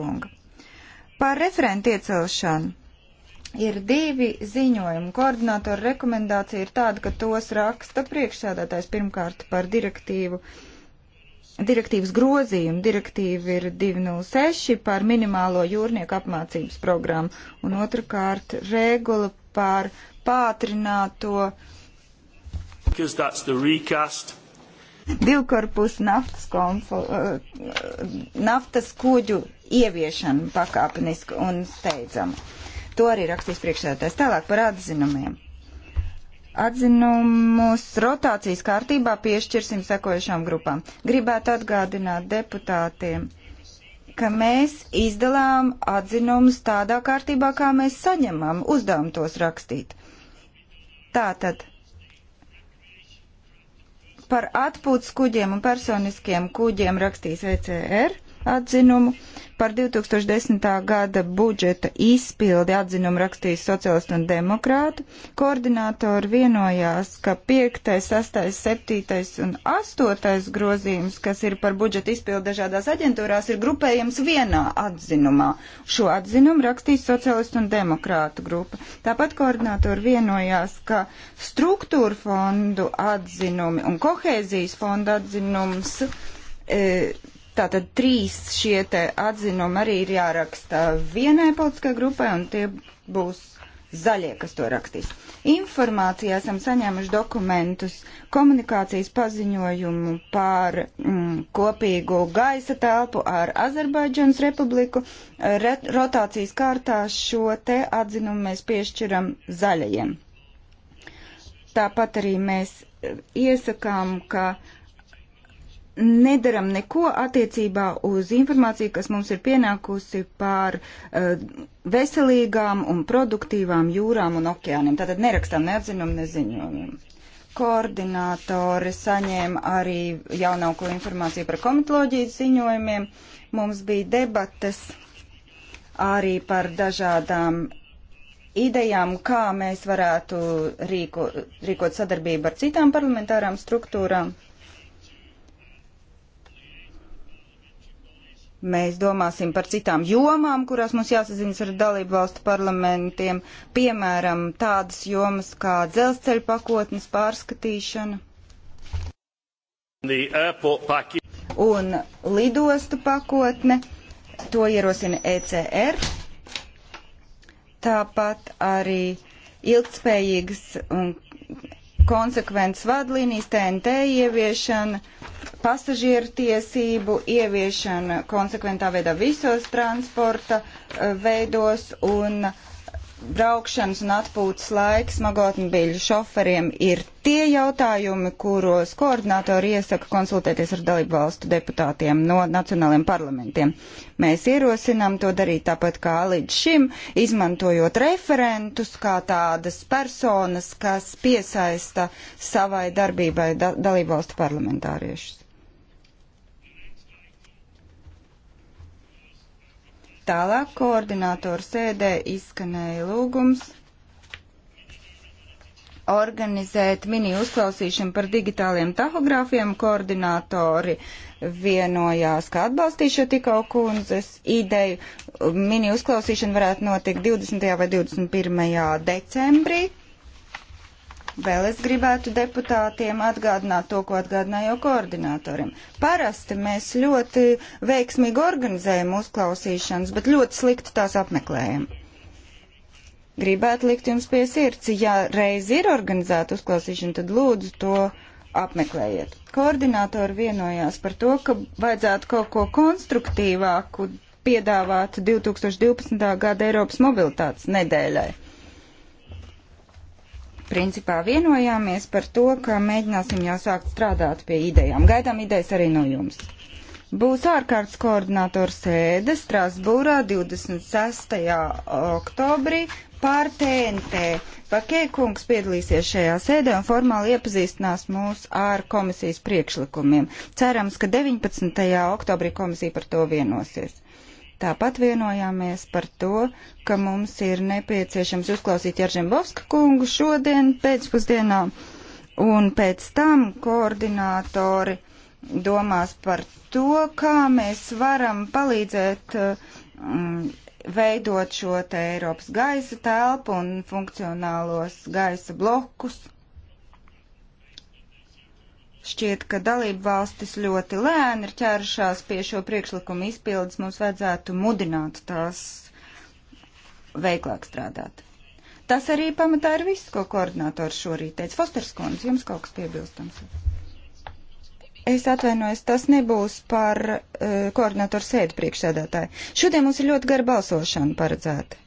kunga. Par referentu iecelšanu ir divi ziņojumi. Koordinātora rekomendācija ir tāda, ka tos raksta priekšsēdētājs pirmkārt par direktīvu. Direktīvas grozījumu direktīva ir 206 par minimālo jūrnieku apmācības programmu un otrkārt regula par pātrināto. Because that's the recast divkorpusu naftas, konfu, eh, naftas kuģu ieviešanu pakāpenisku un steidzamu. To arī rakstīs priekšsēdētājs tālāk par atzinumiem. Atzinumus rotācijas kārtībā piešķirsim sekojušām grupām. Gribētu atgādināt deputātiem, ka mēs izdalām atzinumus tādā kārtībā, kā mēs saņemam uzdevumu tos rakstīt. Tātad par atpūtas kuģiem un personiskiem kuģiem rakstīs ECR atzinumu. Par 2010. gada budžeta izpildi atzinumu rakstīs sociālistu un demokrātu. Koordinātori vienojās, ka 5., 6., 7. un 8. grozījums, kas ir par budžeta izpildi dažādās aģentūrās, ir grupējams vienā atzinumā. Šo atzinumu rakstīs sociālistu un demokrātu grupa. Tāpat koordinātori vienojās, ka struktūra fondu atzinumi un kohēzijas fonda atzinums. E, Tātad trīs šie te atzinumi arī ir jāraksta vienai politiskai grupai, un tie būs zaļie, kas to rakstīs. Informācijā esam saņēmuši dokumentus, komunikācijas paziņojumu par mm, kopīgu gaisa telpu ar Azerbaidžanas republiku. Re, rotācijas kārtā šo te atzinumu mēs piešķiram zaļajiem. Tāpat arī mēs e, iesakām, ka uh, nedaram neko attiecībā uz informāciju, kas mums ir pienākusi par uh, veselīgām un produktīvām jūrām un okeāniem. Tātad nerakstām neatzinumu, neziņojumu. Koordinātori saņēma arī jaunāko informāciju par komitoloģijas ziņojumiem. Mums bija debates arī par dažādām idejām, kā mēs varētu rīko, rīkot sadarbību ar citām parlamentārām struktūrām Mēs domāsim par citām jomām, kurās mums jāsazinas ar dalību valstu parlamentiem, piemēram, tādas jomas kā dzelzceļa pakotnes pārskatīšana un lidostu pakotne. To ierosina ECR. Tāpat arī ilgtspējīgas un konsekventas vadlīnijas, TNT ieviešana, pasažieru tiesību ieviešana konsekventā veidā visos transporta eh, veidos un uh, braukšanas un atpūtas laika smago automobīļu šoferiem ir tie jautājumi, kuros koordinātori iesaka konsultēties ar dalību valstu deputātiem no nacionāliem parlamentiem. Mēs ierosinām to darīt tāpat kā līdz šim, izmantojot referentus kā tādas personas, kas piesaista savai darbībai da dalību valstu parlamentāriešus. Tālāk koordinātoru sēdē izskanēja lūgums organizēt mini uzklausīšanu par digitāliem tahogrāfiem. Koordinātori vienojās, ka atbalstīšu tikko kundzes ideju. Mini uzklausīšana varētu notikt 20. vai 21. decembrī. Vēl es gribētu deputātiem atgādināt to, ko atgādināju jau koordinatorim. Parasti mēs ļoti veiksmīgi organizējam uzklausīšanas, bet ļoti slikti tās apmeklējam. Gribētu likt jums pie sirds, ja reiz ir organizēta uzklausīšana, tad lūdzu to apmeklējiet. Koordinātori vienojās par to, ka vajadzētu kaut ko konstruktīvāku piedāvāt 2012. gada Eiropas mobilitātes nedēļai principā vienojāmies par to, ka mēģināsim jau sākt strādāt pie idejām. Gaidām idejas arī no jums. Būs ārkārtas koordinātora sēde Strasbūrā 26. oktobrī pār TNT. Pakē kungs piedalīsies šajā sēdē un formāli iepazīstinās mūs ar komisijas priekšlikumiem. Cerams, ka 19. oktobrī komisija par to vienosies. Tāpat vienojāmies par to, ka mums ir nepieciešams uzklausīt Jaržembovska kungu šodien pēcpusdienā, un pēc tam koordinātori domās par to, kā mēs varam palīdzēt mm, veidot šo te Eiropas gaisa telpu un funkcionālos gaisa blokus. Šķiet, ka dalību valstis ļoti lēni ir ķērušās pie šo priekšlikumu izpildes. Mums vajadzētu mudināt tās veiklāk strādāt. Tas arī pamatā ir viss, ko koordinātors šorīt teica. Fosters Kondis, jums kaut kas piebilstams? Es atvainojos, tas nebūs par uh, eh, koordinatoru sēdi priekšsēdētāju. Šodien mums ir ļoti gara balsošana paredzēta.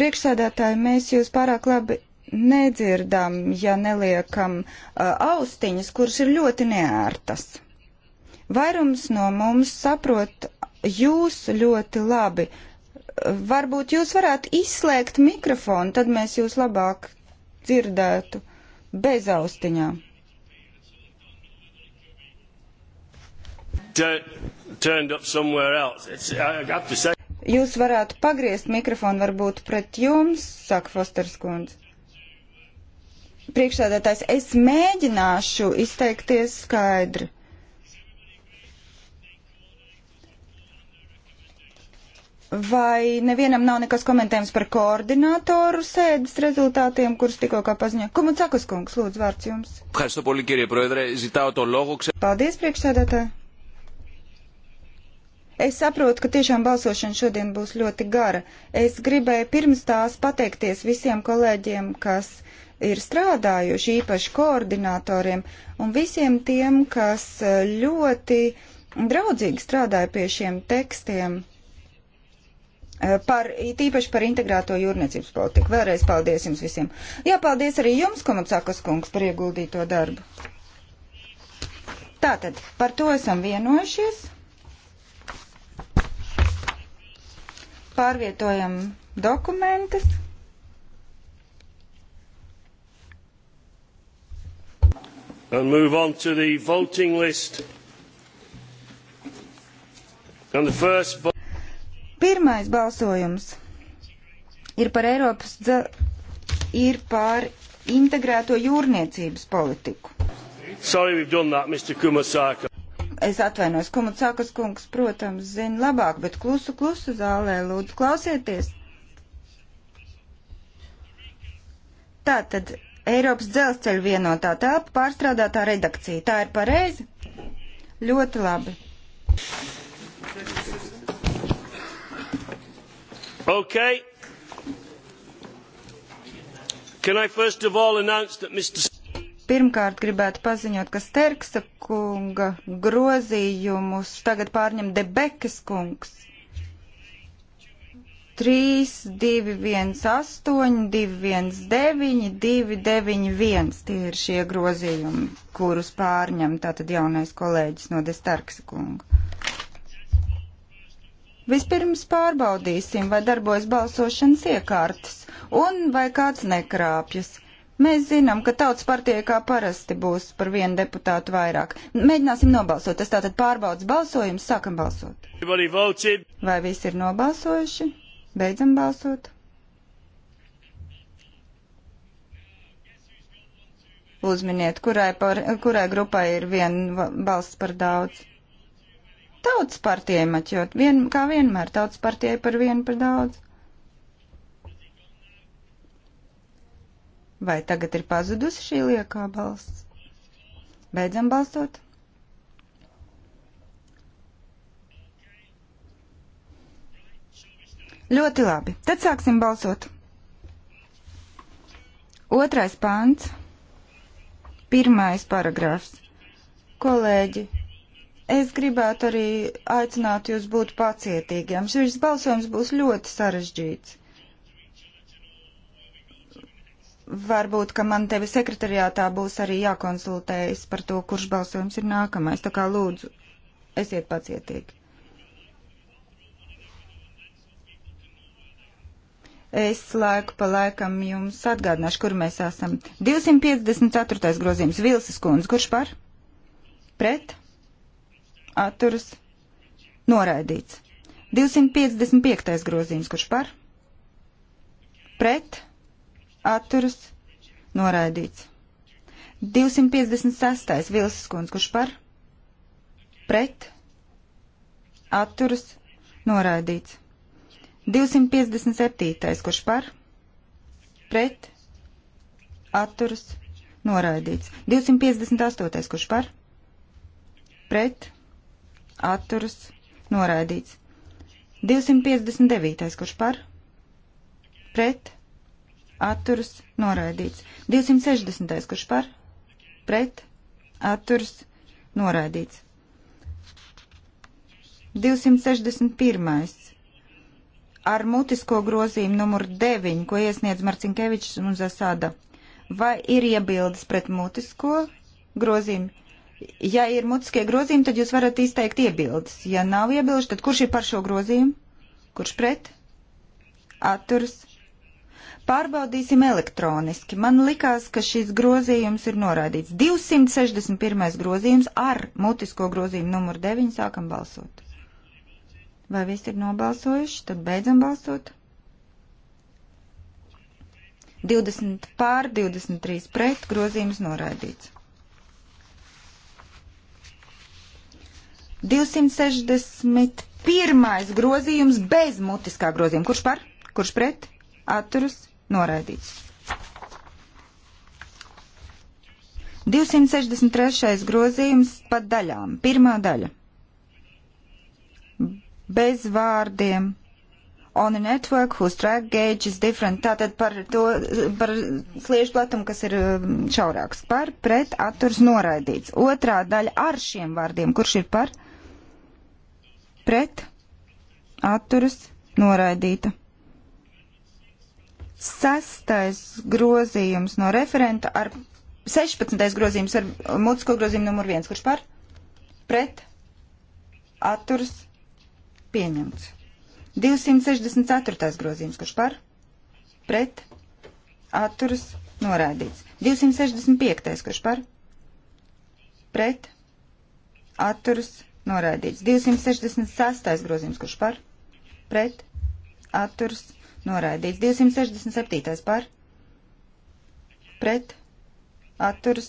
Priekšsēdētāji, mēs jūs pārāk labi nedzirdam, ja neliekam uh, austiņas, kuras ir ļoti neērtas. Vairums no mums saprot jūs ļoti labi. Varbūt jūs varētu izslēgt mikrofonu, tad mēs jūs labāk dzirdētu bez austiņām. Jūs varētu pagriezt mikrofonu varbūt pret jums, saka Fosters kundze. Priekšsēdētājs, es mēģināšu izteikties skaidri. Vai nevienam nav nekas komentējums par koordinātoru sēdes rezultātiem, kurus tikko paziņoja? Komuncakas kungs, lūdzu, vārds jums. Paldies, priekšsēdētāji. Es saprotu, ka tiešām balsošana šodien būs ļoti gara. Es gribēju pirms tās pateikties visiem kolēģiem, kas ir strādājuši, īpaši koordinatoriem un visiem tiem, kas e, ļoti draudzīgi strādāja pie šiem tekstiem. E, par, tīpaši par integrēto jūrniecības politiku. Vēlreiz paldies jums visiem. Jā, paldies arī jums, Komacakas kungs, par ieguldīto darbu. Tātad, par to esam vienojušies. Pārvietojam dokumentus. and move on to the voting list. And the first Pirmais balsojums ir par Eiropas ir par integrēto jūrniecības politiku. Sorry, we've done that, Mr. Kumasaka. Es atvainos, Kumasākas kungs, protams, zina labāk, bet klusu, klusu zālē, lūdzu, klausieties. Tātad Eiropas dzelzceļa vienotā telpa pārstrādātā redakcija. Tā ir pareizi? Ļoti labi. Okay. Can I first of all announce that Mr. Pirmkārt gribētu paziņot, ka Sterksa kunga grozījumus tagad pārņem Debekas kungs. 3, 2, 1, 8, 2, 1, 9, 2, 9, 1. Tie ir šie grozījumi, kurus pārņem tātad jaunais kolēģis no Destarksa kunga. Vispirms pārbaudīsim, vai darbojas balsošanas iekārtas un vai kāds nekrāpjas. Mēs zinām, ka tautas partijai kā parasti būs par vienu deputātu vairāk. Mēģināsim nobalsot. Tas tātad pārbaudas balsojums. Sākam balsot. Vai visi ir nobalsojuši? Beidzam balsot. Uzminiet, kurai, par, kurai grupai ir viena balss par daudz. Tautas partijai maķot, vien, kā vienmēr, tautas partijai par vienu par daudz. Vai tagad ir pazudusi šī liekā balss? Beidzam balsot. Ļoti labi. Tad sāksim balsot. Otrais pāns. Pirmais paragrāfs. Kolēģi, es gribētu arī aicināt jūs būt pacietīgiem. Šis balsojums būs ļoti sarežģīts. Varbūt, ka man tevi sekretariātā būs arī jākonsultējas par to, kurš balsojums ir nākamais. Tā kā lūdzu, esiet pacietīgi. Es laiku pa laikam jums atgādināšu, kur mēs esam. 254. grozījums Vilsas kundze, kurš par? Pret? Atturas? Noraidīts. 255. grozījums, kurš par? Pret? Atturas? Noraidīts. 256. Vilsas kundze, kurš par? Pret? Atturas? Noraidīts. 257. kurš par, pret, atturas, noraidīts. 258. kurš par, pret, atturas, noraidīts. 259. kurš par, pret, atturas, noraidīts. 260. kurš par, pret, atturas, noraidīts. 261 ar mutisko grozījumu numur 9, ko iesniedz Marcinkevičs un Zasada. Vai ir iebildes pret mutisko grozījumu? Ja ir mutiskie grozījumi, tad jūs varat izteikt iebildes. Ja nav iebildes, tad kurš ir par šo grozījumu? Kurš pret? Atturs. Pārbaudīsim elektroniski. Man likās, ka šis grozījums ir noraidīts. 261. grozījums ar mutisko grozījumu numuru 9 sākam balsot. Vai visi ir nobalsojuši? Tad beidzam balsot. 20 pār, 23 pret, grozījums noraidīts. 261. grozījums bez mutiskā grozījuma. Kurš par? Kurš pret? Atturas noraidīts. 263. grozījums pa daļām. Pirmā daļa bez vārdiem on a network whose track gauge is different. Tātad par to, par sliežu platumu, kas ir um, šaurāks. Par pret atturs noraidīts. Otrā daļa ar šiem vārdiem, kurš ir par pret atturs noraidīta. Sastais grozījums no referenta ar 16. grozījums ar mutisko grozījumu numur 1, kurš par pret atturs noraidīts pieņemts. 264. grozījums, kurš par, pret, atturas, noraidīts. 265. kurš par, pret, atturas, noraidīts. 266. grozījums, kurš par, pret, atturas, noraidīts. 267. par, pret, atturas,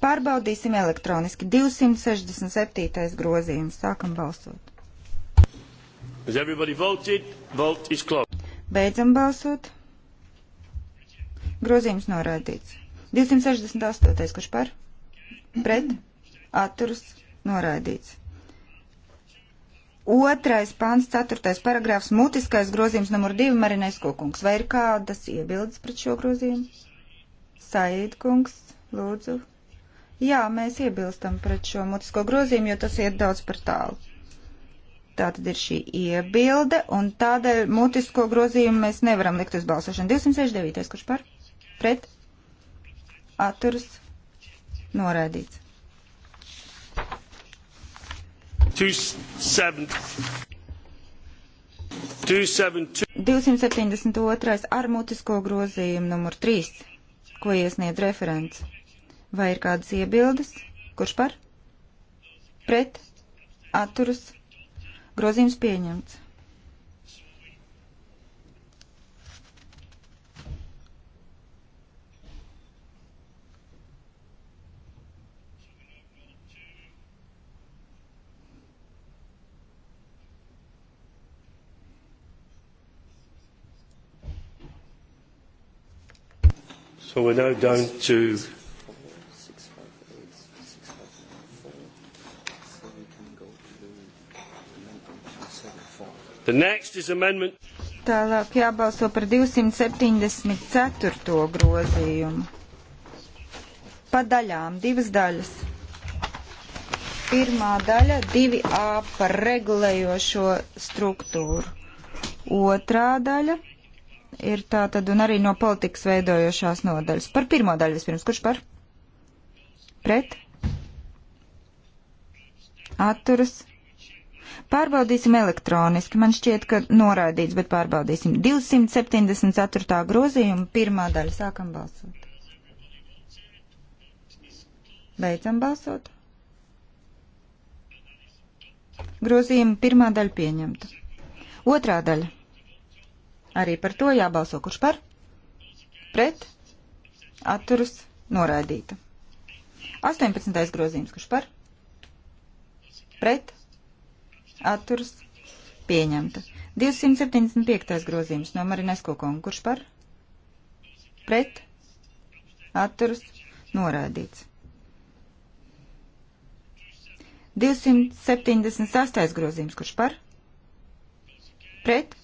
pārbaudīsim elektroniski. 267. grozījums, sākam balsot. Has everybody voted? Vote is closed. Beidzam balsot. Grozījums noraidīts. 268. kurš par? Pret? Atturas noraidīts. Otrais pāns, ceturtais paragrāfs, mutiskais grozījums numur divi, Marinais Kokungs. Vai ir kādas iebildes pret šo grozījumu? Said kungs, lūdzu. Jā, mēs iebilstam pret šo mutisko grozījumu, jo tas iet daudz par tālu. Tā tad ir šī iebilde, un tādēļ mutisko grozījumu mēs nevaram likt uz balsošanu. 269. kurš par? Pret? Atturs? Noraidīts. 272. ar mutisko grozījumu numur 3, ko iesniedz referents. Vai ir kādas iebildes? Kurš par? Pret? Atturs? Noraidīts Grozījums pieņemts. So we're now down to Amendment... Tālāk jābalso par 274. grozījumu. Pa daļām divas daļas. Pirmā daļa 2A par regulējošo struktūru. Otrā daļa ir tā tad un arī no politikas veidojošās nodaļas. Par pirmo daļu vispirms. Kurš par? Pret? Atturas? Pārbaudīsim elektroniski. Man šķiet, ka noraidīts, bet pārbaudīsim. 274. grozījuma pirmā daļa. Sākam balsot. Beidzam balsot. Grozījuma pirmā daļa pieņemta. Otrā daļa. Arī par to jābalso. Kurš par? Pret? Atturas? Noraidīta. 18. grozījums. Kurš par? Pret? atturs pieņemta. 275. grozījums no Marinesko kungu, kurš par pret atturs norādīts. 278. grozījums, kurš par pret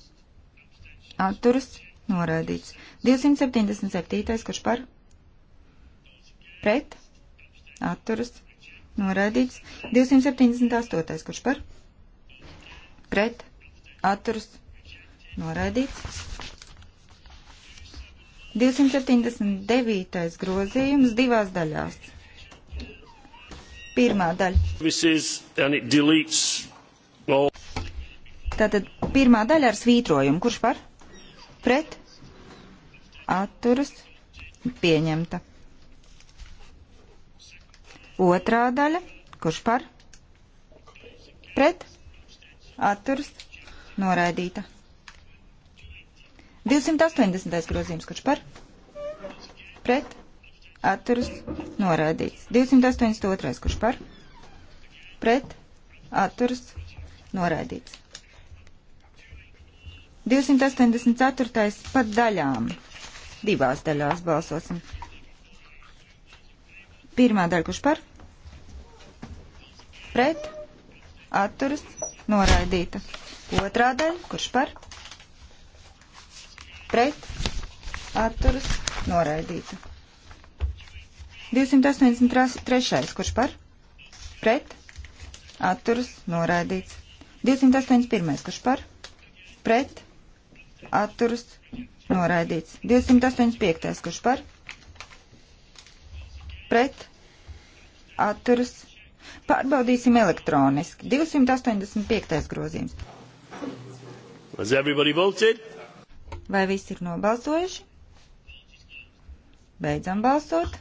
atturs norādīts. 277. kurš par pret atturas norādīts. 278. kurš par pret pret, atturas, noraidīts. 279. grozījums divās daļās. Pirmā daļa. Tātad pirmā daļa ar svītrojumu. Kurš par? Pret? Atturas? Pieņemta. Otrā daļa. Kurš par? Pret? atturas noraidīta. 280. grozījums, kurš par pret atturas noraidīts. 282. kurš par pret atturas noraidīts. 284. par daļām. Divās daļās balsosim. Pirmā daļa, kurš par pret atturas noraidīts noraidīta. Otrā daļa, kurš par, pret, atturas, noraidīta. 283. kurš par, pret, atturas, noraidīts. 281. kurš par, pret, atturas, noraidīts. 285. kurš par, pret, atturas, noraidīts Pārbaudīsim elektroniski. 285. grozījums. Vai visi ir nobalsojuši? Beidzam balsot.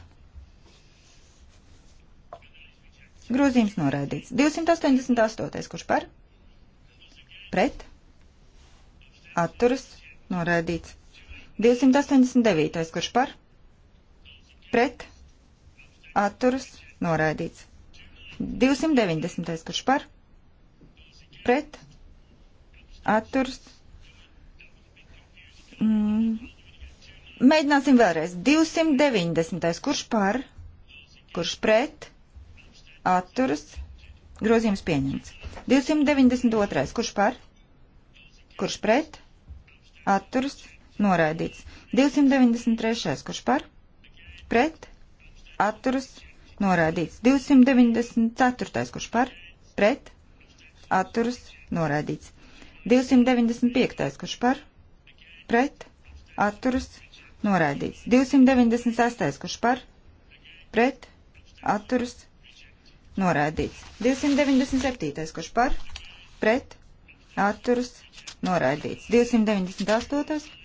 Grozījums noraidīts. 288. Kurš par? Pret? Atturas? Noraidīts. 289. Kurš par? Pret? Atturas? Noraidīts. 290. kurš par? Pret? Atturs? Mm. Mēģināsim vēlreiz. 290. kurš par? Kurš pret? Atturs? Grozījums pieņemts. 292. kurš par? Kurš pret? Atturs? Noraidīts. 293. kurš par? Pret? Atturs? noraidīts. 294. kurš par, pret, atturas, noraidīts. 295. kurš par, pret, atturas, noraidīts. 296. kurš par, pret, atturas, noraidīts. 297. kurš par, pret, atturas, noraidīts. 298.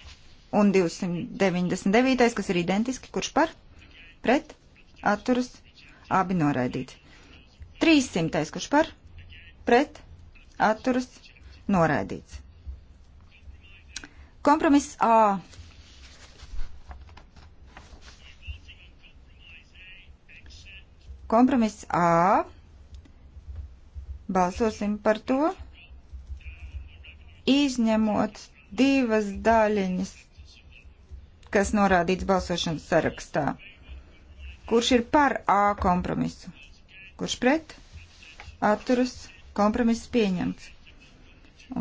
un 299. kas ir identiski, kurš par, pret, atturas, noraidīts Abi noraidīti. 300. kurš par? Pret. Atturas. Noraidīts. Kompromiss A. Kompromiss A. Balsosim par to. Izņemot divas daļiņas, kas norādīts balsošanas sarakstā. Kurš ir par A kompromisu? Kurš pret? Atturas kompromiss pieņemts.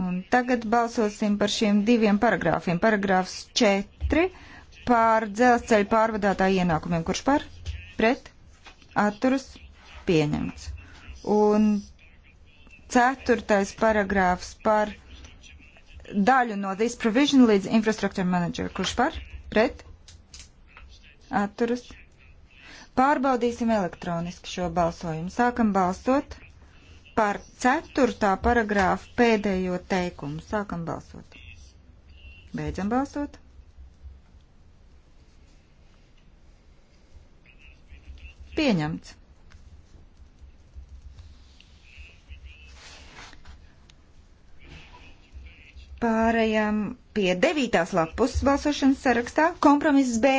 Un tagad balsosim par šiem diviem paragrāfiem. Paragrāfs 4 par dzelzceļa pārvadātāju ienākumiem. Kurš par? Pret? Atturas pieņemts. Un ceturtais paragrāfs par daļu no this provision līdz infrastructure manager. Kurš par? Pret? Atturas pieņemts Pārbaudīsim elektroniski šo balsojumu. Sākam balsot par ceturtā paragrāfa pēdējo teikumu. Sākam balsot. Beidzam balsot. Pieņemts. Pārējām pie devītās lapus balsošanas sarakstā. Kompromiss B.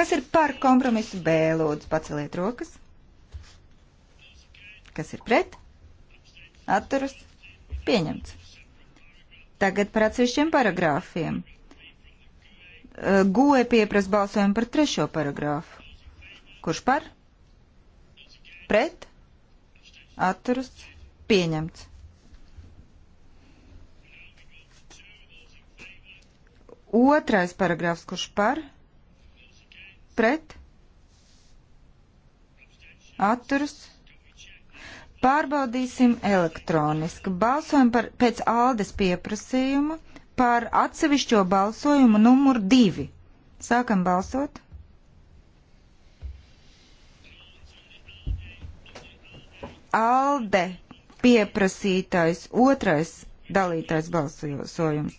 Kas ir par kompromisu B? Lūdzu, paceliet rokas. Kas ir pret? Atturas. Pieņemts. Tagad par atsevišķiem paragrāfiem. Goe pieprasa balsojumu par trešo paragrāfu. Kurš par? Pret? Atturas. Pieņemts. Otrais paragrāfs, kurš par? Pret? pret, atturas. Pārbaudīsim elektroniski. Balsojam par, pēc Aldes pieprasījuma par atsevišķo balsojumu numuru divi. Sākam balsot. Alde pieprasītais otrais dalītais balsojums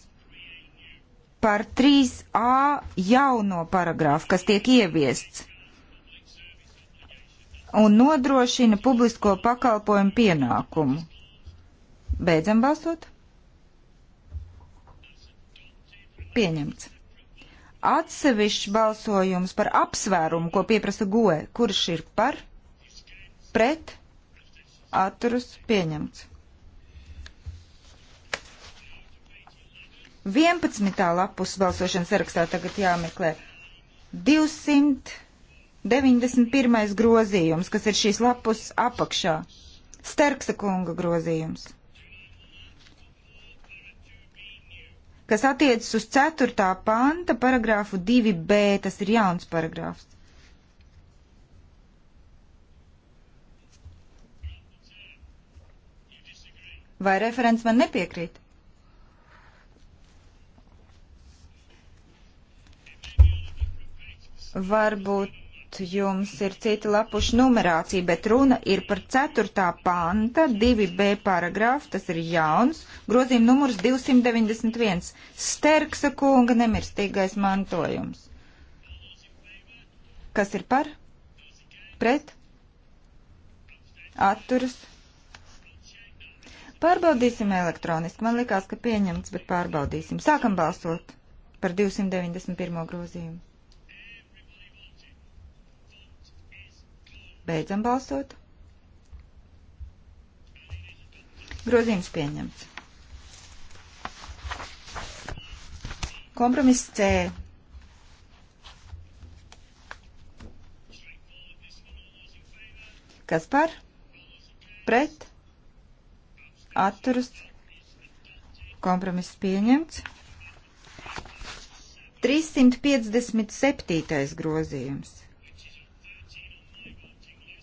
par 3A jauno paragrāfu, kas tiek ieviests un nodrošina publisko pakalpojumu pienākumu. Beidzam balsot. Pieņemts. Atsevišķi balsojums par apsvērumu, ko pieprasa goe, kurš ir par, pret, atturus pieņemts. 11. lapus balsošanas sarakstā tagad jāmeklē 291. grozījums, kas ir šīs lapus apakšā. Sterksa kunga grozījums. kas attiecas uz 4. panta paragrāfu 2b, tas ir jauns paragrāfs. Vai referents man nepiekrīt? Varbūt jums ir cita lapuša numerācija, bet runa ir par 4. panta 2b paragrāfu, tas ir jauns, grozījuma numurs 291, Sterksa kunga nemirstīgais mantojums. Kas ir par? Pret? Atturas? Pārbaudīsim elektroniski. Man likās, ka pieņemts, bet pārbaudīsim. Sākam balsot par 291. grozījumu. Beidzam balsot. Grozījums pieņemts. Kompromiss C. Kas par? Pret? Atturas? Kompromiss pieņemts. 357. grozījums.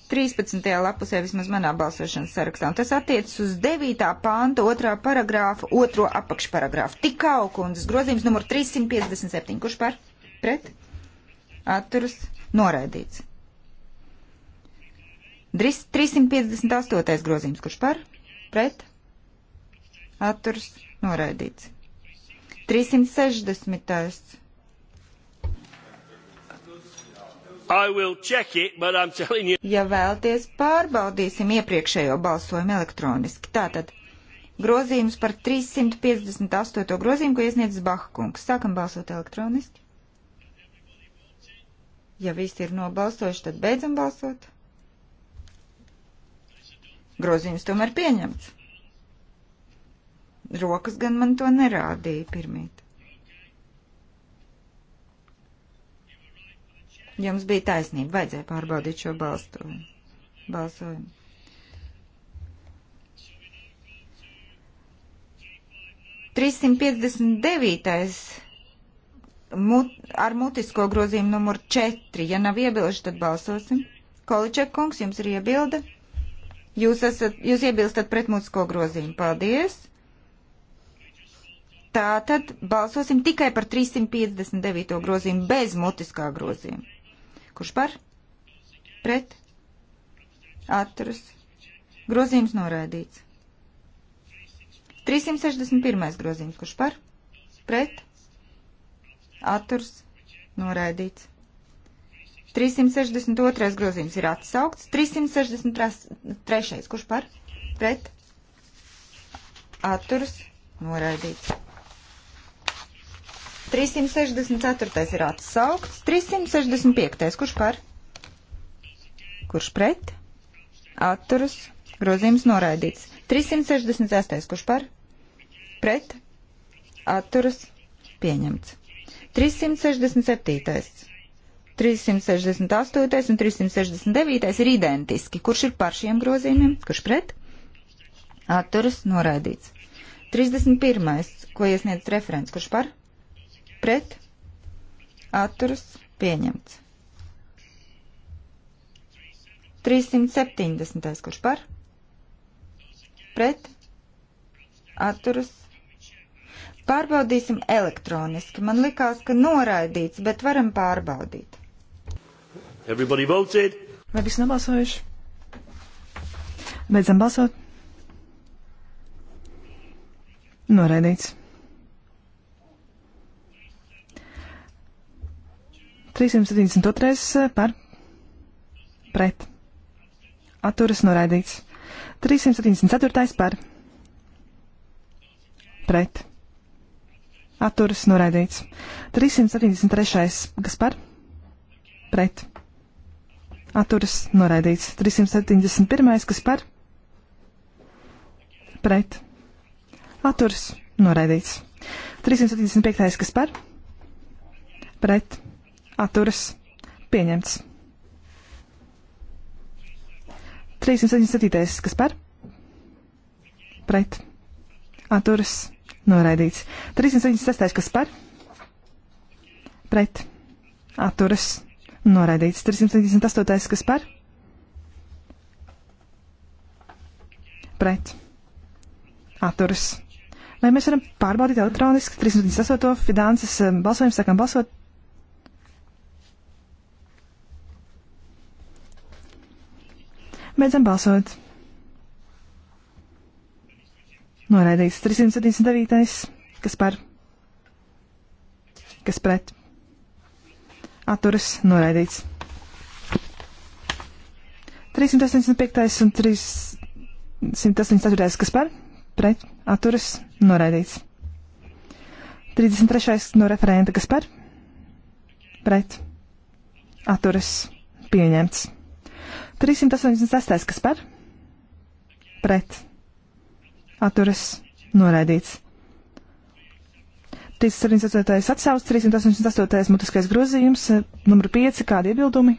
13. lapusē vismaz manā balsošanas sarakstā. Un tas attiecas uz 9. pānta 2. paragrāfa 2. apakšparagrāfu. Tikā okundas grozījums numur 357. Kurš par? Pret? Atturas? Noraidīts. 358. grozījums. Kurš par? Pret? Atturas? Noraidīts. 360. It, you... Ja vēlties, pārbaudīsim iepriekšējo balsojumu elektroniski. Tātad grozījums par 358. grozījumu, ko iesniedzis Bahkungs. Sākam balsot elektroniski. Ja visi ir nobalsojuši, tad beidzam balsot. Grozījums tomēr pieņemts. Rokas gan man to nerādīja pirmīt. Jums bija taisnība, vajadzēja pārbaudīt šo balstojumu. balsojumu. Trīssimt piecdesmit devītais mut, ar mutisko grozījumu numur 4. Ja nav iebilžu, tad balsosim. Količek kungs, jums ir iebilda. Jūs, esat, jūs iebilstat pret mutisko grozījumu. Paldies. Tātad balsosim tikai par 359. grozījumu bez mutiskā grozījuma. Kurš par? Pret. Atturas. Grozījums noraidīts. 361. grozījums. Kurš par? Pret. Atturas. Noraidīts. 362. grozījums ir atsaukts. 363. Kurš par? Pret. Atturas. Noraidīts. 364. ir atsaukts. 365. Kurš par? Kurš pret? Atturas. Grozījums noraidīts. 366. Kurš par? Pret? Atturas. Pieņemts. 367. 368. un 369. ir identiski. Kurš ir par šiem grozījumiem? Kurš pret? Atturas. Noraidīts. 31. ko iesniedz referents. Kurš par? pret, atturas, pieņemts. 370. kurš par, pret, atturas, pārbaudīsim elektroniski. Man likās, ka noraidīts, bet varam pārbaudīt. Vai viss nobalsojuši? Beidzam balsot. Noraidīts. 372. par pret. Atturas noraidīts. 374. par pret. Atturas noraidīts. 373. kas par pret. Atturas noraidīts. 371. kas par pret. Atturas noraidīts. 375. kas par pret atturas pieņemts. 377. kas par? Pret. Atturas noraidīts. 376. kas par? Pret. Atturas noraidīts. 378. kas par? Pret. Atturas. Vai mēs varam pārbaudīt elektroniski 378. finanses um, balsojumu, sākam balsot Beidzam balsot. Noraidīts 379. Kas par? Kas pret? Atturas noraidīts. 385. un 384. kas par? Pret? Atturas noraidīts. 33. no referenta kas par? Pret? Atturas pieņemts. 386. kas par? Pret. Atturas. Noraidīts. 378. atsausts, 388. mutiskais grozījums, numur 5. Kādi iebildumi?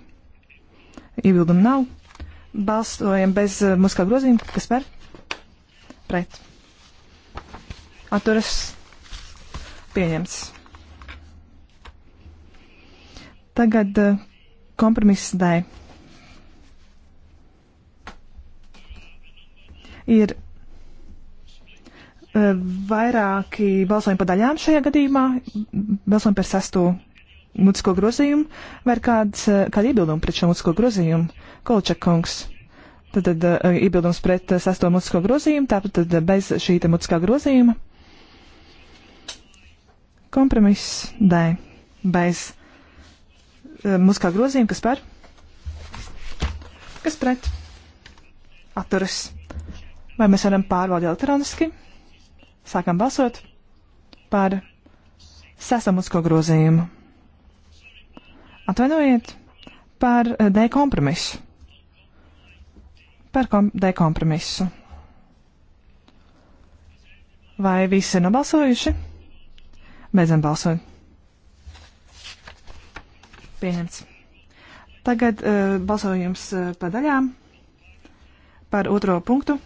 Iebildumi nav. Balstojam bez uh, eh, muskā grozījuma. Kas par? Pret. Atturas. Pieņemts. Tagad uh, kompromiss dēļ. Ir eh, vairāki balsojumi pa daļām šajā gadījumā, balsojumi par sesto mutisko grozījumu, vai ir kāds, eh, kādi iebildumi pret šo mutisko grozījumu? Kolčakungs. Tad, tad eh, iebildums pret sesto mutisko grozījumu, tāpat tad bez šī te mutiskā grozījuma. Kompromiss D. Bez mutiskā grozījuma, kas par? Kas pret? Atturas Vai mēs varam pārbaudīt elektroniski? Sākam balsot par sesamusko grozījumu. Atvainojiet par eh, D kompromisu. Par kom D kompromisu. Vai visi ir nobalsojuši? Beidzam balsot. Pieņemts. Tagad uh, balsojums uh, pa daļām par otro punktu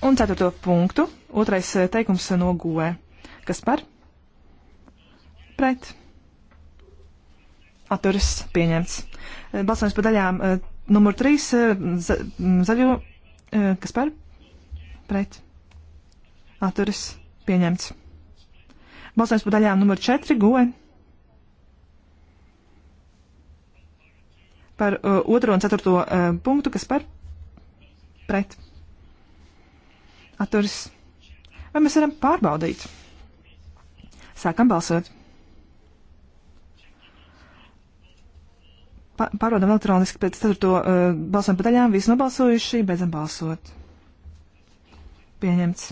un ceturto punktu, otrais eh, teikums no goē. E. Kas par? Pret. Atturis pieņemts. Eh, balsojums pa daļām eh, numur trīs, za, zaļo, kas par? Pret. Atturis pieņemts. Balsojums pa daļām numur četri, goē. E. Par uh, otro un ceturto uh, punktu, kas par? Pret atturas. Vai mēs varam pārbaudīt? Sākam balsot. Pa pārbaudam elektroniski pēc 4. Uh, balsojumu padaļām. Visi nobalsojuši, beidzam balsot. Pieņemts.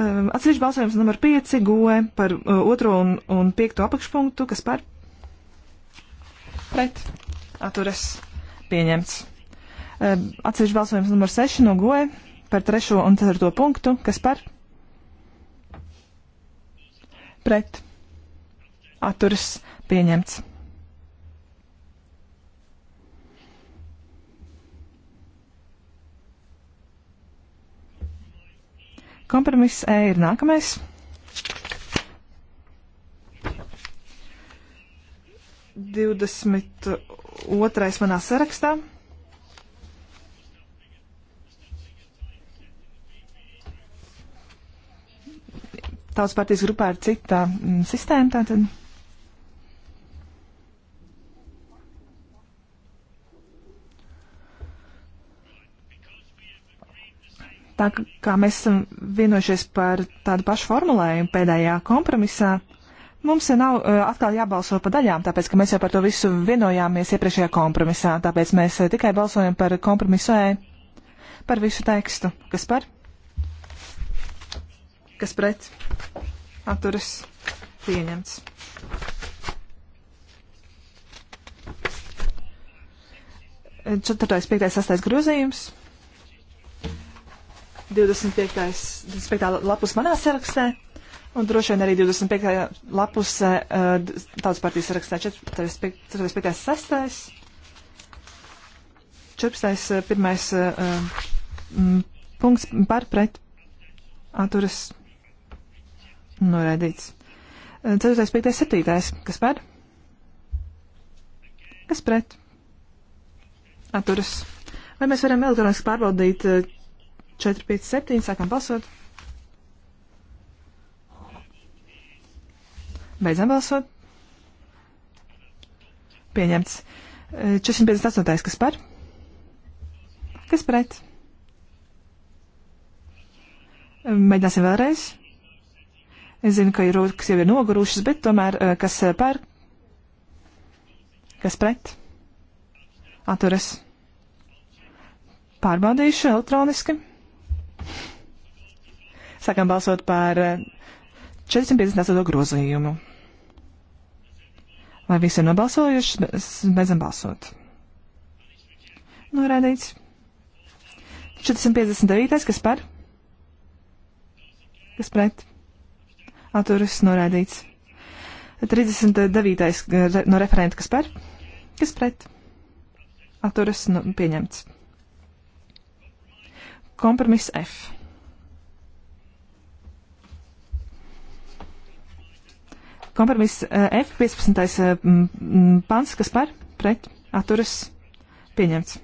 Um, Atsevišķi balsojums numur 5 goe par uh, otro un, un piekto apakšpunktu, kas par pret atturas pieņemts. Atsevišķi balsojums numur 6 no goja e par trešo un ceturto punktu. Kas par? Pret. Atturas pieņemts. Kompromiss E ir nākamais. Divdesmit otrais manā sarakstā. tautas partijas grupā ir cita mm, sistēma. Tātad. Tā kā mēs esam vienojušies par tādu pašu formulējumu pēdējā kompromisā, mums nav uh, atkal jābalso pa daļām, tāpēc ka mēs jau par to visu vienojāmies iepriekšējā kompromisā, tāpēc mēs uh, tikai balsojam par kompromisu E, par visu tekstu. Kas par? kas pret atturas pieņemts. Ceturtais, piektais, sastais grozījums. 25. 25. lapus manā sarakstā, un droši vien arī 25. lapus uh, tautas partijas sarakstā 45. 6. 14. pirmais uh, punkts par pret atturas Noraidīts. 4, 5, 7. Kas par? Kas pret? Atturas. Vai mēs varam elektroniski pārbaudīt 4, 5, 7? Sākam balsot. Beidzam balsot. Pieņemts. 458. Eh, Kas par? Kas pret? Mēģināsim vēlreiz. Es zinu, ka ir rokas jau ir nogurušas, bet tomēr eh, kas eh, par? Kas pret? Atturas. Pārbaudīšu elektroniski. Sākam balsot par 458. Eh, grozījumu. Lai visi ir nobalsojuši, beidzam balsot. Norādīts. 459. kas par? Kas pret? atturas norādīts. 39. Eh, no referenta, kas par, kas pret, atturas nu, pieņemts. Kompromiss F. Kompromiss eh, F, 15. Eh, pants, kas par, pret, atturas pieņemts.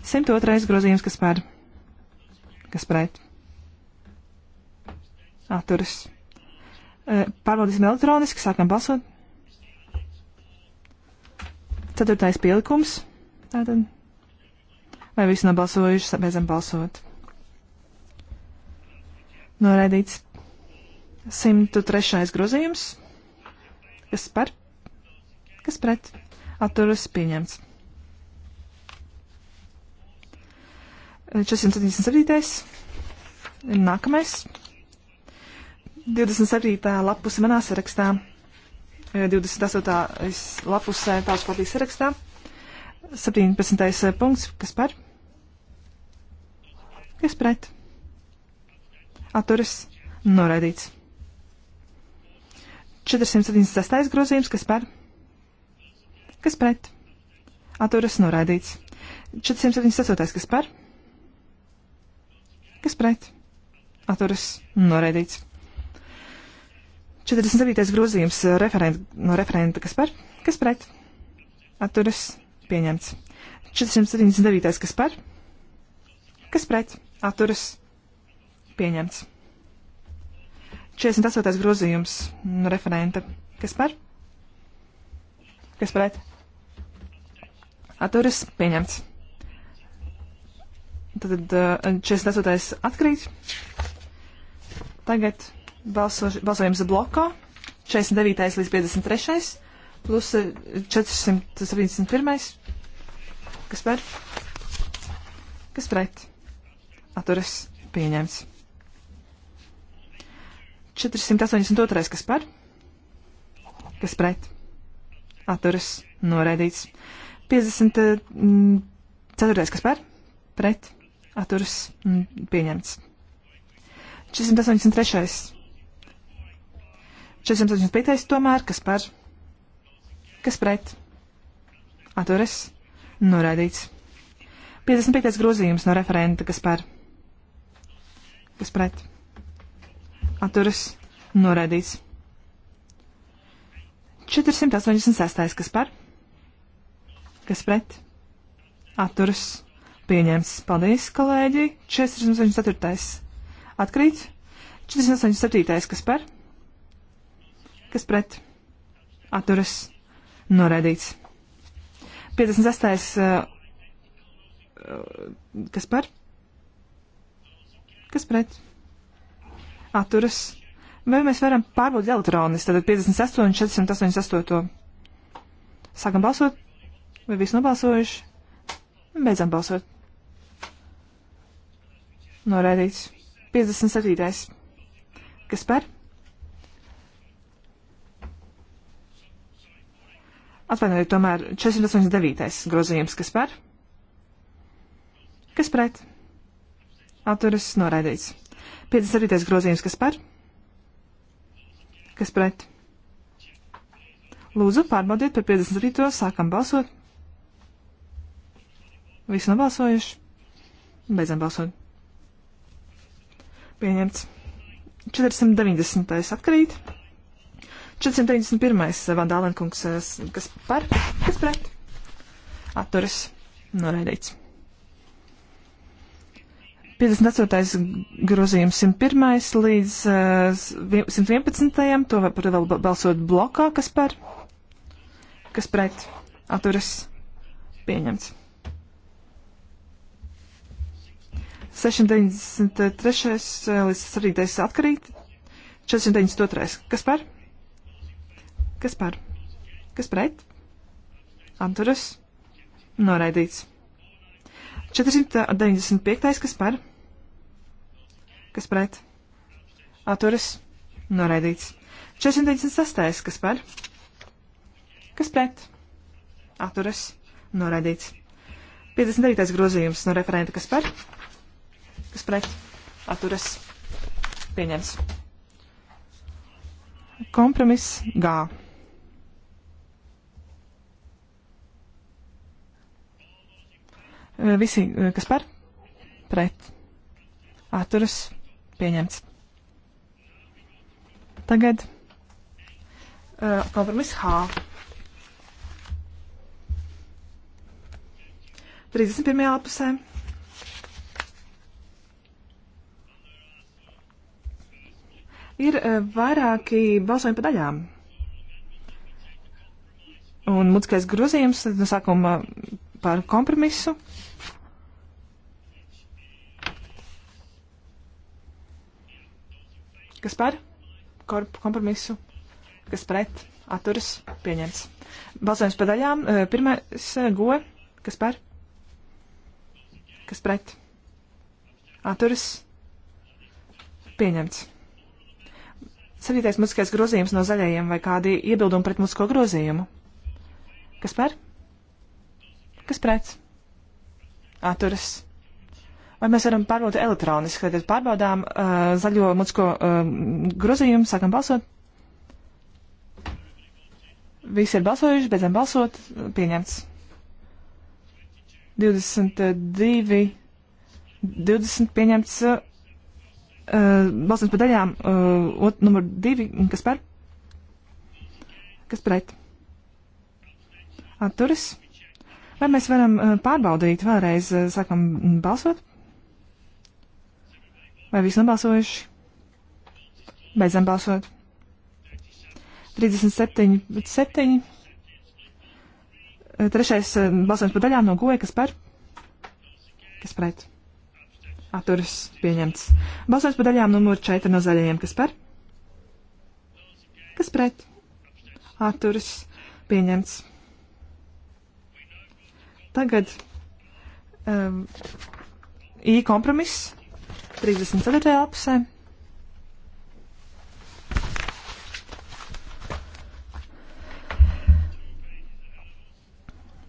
102. grozījums, kas par, kas pret atturas. E, pārbaudīsim elektroniski, sākam balsot. Ceturtais pielikums. Tātad. Vai visi nobalsojuši, beidzam balsot. Noraidīts 103. grozījums. Kas par? Kas pret? Atturas pieņemts. 477. E, Nākamais. 27. lapuse manā sarakstā, 28. Eh, lapusē tās partijas sarakstā, 17. Eh, punkts, kas par? Kas pret? Atturas noraidīts. 476. grozījums, kas par? Kas pret? Atturas noraidīts. 478. kas par? Kas pret? Atturas noraidīts. 47. grozījums eh, referent, no referenta, kas par, kas pret, atturas, pieņemts. 479. kas par, kas pret, atturas, pieņemts. 48. grozījums no referenta, kas par, kas pret, atturas, pieņemts. Tad 48. Eh, atkrīt. Tagad Balso, balsojums blokā 49. līdz 53. plus 471. Eh, kas par? Kas pret? Atturas pieņemts. 482. kas par? Kas pret? Atturas noraidīts. 54. kas par? Pret? Atturas pieņemts. 483. 475. tomēr, kas par, kas pret, atturas, norādīts. 55. grozījums no referenta, kas par, kas pret, atturas, norādīts. 486. kas par, kas pret, atturas, pieņems. Paldies, kolēģi. 484. atkrīt. 487. kas par, kas pret atturas noraidīts. 56. Uh, uh, kas par? Kas pret? Atturas. Vai mēs varam pārbaudīt elektroniski? Tātad 58 un 488. Sākam balsot. Vai viss nobalsojuši? Beidzam balsot. Noraidīts. 57. Kas par? Atvainojiet, tomēr 489. grozījums, kas par? Kas pret? Atturas noraidīts. 57. grozījums, kas par? Kas pret? Lūdzu, pārbaudiet par 53. sākam balsot. Visi nobalsojuši. Beidzam balsot. Pieņemts. 490. atkarīt. 431. Eh, Vandālenkungs, eh, kas par, kas pret? Atturas. Noraidīts. 58. grozījums 101. līdz 111. Eh, to var vēl balsot blokā, kas par, kas pret? Atturas. Pieņemts. 693. līdz 7. atkarīt. 492. Kas par? Kas par? Kas pret? Anturas. Noraidīts. 495. Kas par? Kas pret? Atturas. Noraidīts. 496. Kas par? Kas pret? Atturas. Noraidīts. 59. grozījums no referenta. Kas par? Kas pret? Atturas. Pieņems. Kompromiss G. Eh, visi, eh, kas par, pret, atturas, pieņemts. Tagad eh, kompromiss H. 31. lapusē. Ir vairāki balsojumi pa daļām. Un mutiskais grozījums, tad no sākuma par kompromisu. Kas par kompromisu? Kas pret? Atturas pieņemts. Balsojums pa daļām. Pirmais goja. E. Kas par? Kas pret? Atturas pieņemts. Sadītais mūziskais grozījums no zaļajiem vai kādi iebildumi pret mūzisko grozījumu? Kas par? Kas pret? Atturas. Vai mēs varam pārbaudīt elektroniski? Tad pārbaudām uh, zaļo mucko uh, grozījumu, sākam balsot. Visi ir balsojuši, beidzam balsot, pieņemts. 22, 20 pieņemts uh, balsojums par daļām, uh, ot, numur 2, kas par? Kas pret? Atturis. Vai mēs varam eh, pārbaudīt vēlreiz, eh, sākam balsot? Vai visi nobalsojuši? Beidzam balsot. 37, 7. Eh, trešais balsojums par daļām no goja, kas par? Kas pret? Atturas pieņemts. Balsojums par daļām numur 4 no zaļajiem. Kas par? Kas pret? Atturas pieņemts. Tagad um, I kompromiss 34. lapsē.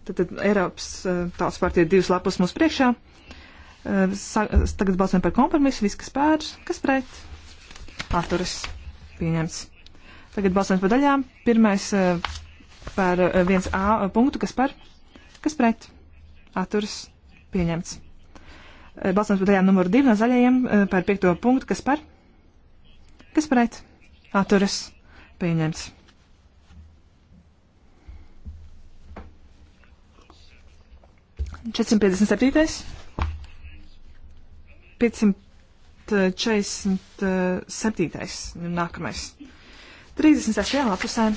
Tad, tad Eiropas uh, tautas partija divas lapas mums priekšā. Uh, sa, tagad balsojam par kompromisu. Viss, kas pār, kas pret, atturas pieņemts. Tagad balsojam par daļām. Pirmais uh, par 1A punktu, kas par kas pret, atturas, pieņemts. Balsams par tajām numuru 2 no zaļajiem par 5. punktu, kas par, kas pret, atturas, pieņemts. Četrsimt piecdesmit septītais, piecsimt četrdesmit septītais, nākamais. Trīsdesmit sestajā lapusē.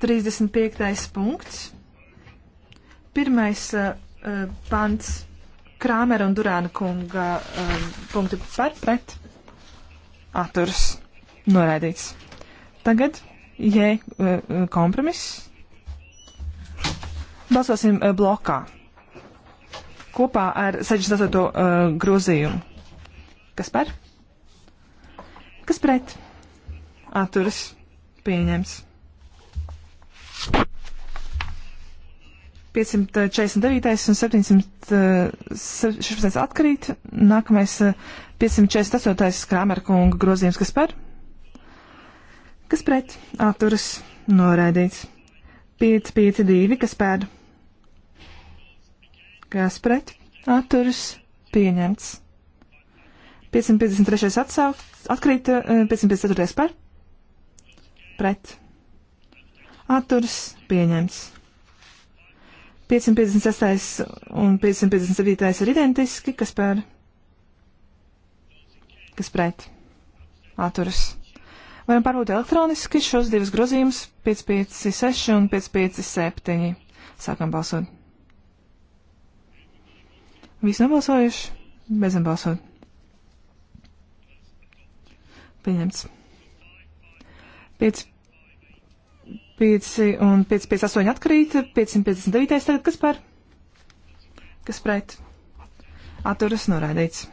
35. punkts. Pirmais uh, uh, pants Krāmera un Durāna kunga uh, punkti par pret atturs noraidīts. Tagad, ja uh, uh, kompromiss, balsosim uh, blokā kopā ar 68. Uh, grozījumu. Kas par? Kas pret? Atturs pieņems. 549 un 716 atkarīt. Nākamais 548 eh, Kramerkunga grozījums, kas par? Kas pret? Atturas noraidīts. 552, kas pēd? Kas pret? Atturas pieņemts. 553 atsaukt, atkrīt 554 eh, par? Pret. Atturas pieņemts. 556 un 557 ir identiski, kas par, kas pret, atturas. Varam pārbaudīt elektroniski šos divus grozījumus 556 un 557. Sākam balsot. Visi nobalsojuši, beidzam balsot. Pieņemts. 5, 5 un 558 atkrīt, 559 tagad kas par? Kas pret? Atturas noraidīts.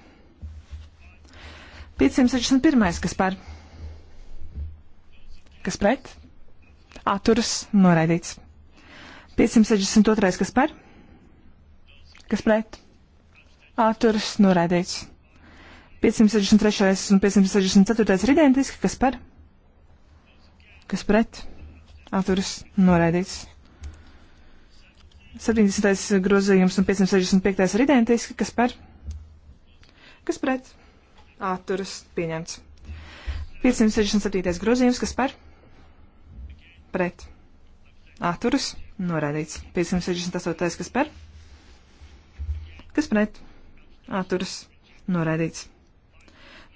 561 kas par? Kas pret? Atturas noraidīts. 562 kas par? Kas pret? Atturas noraidīts. 563 un 564 ir identiski, kas par? Kas pret? atturas noraidīts. 70. grozījums un 565. ir identiski, kas par, kas pret, atturas pieņemts. 567. grozījums, kas par, pret, atturas noraidīts. 568. kas par, kas pret, atturas noraidīts.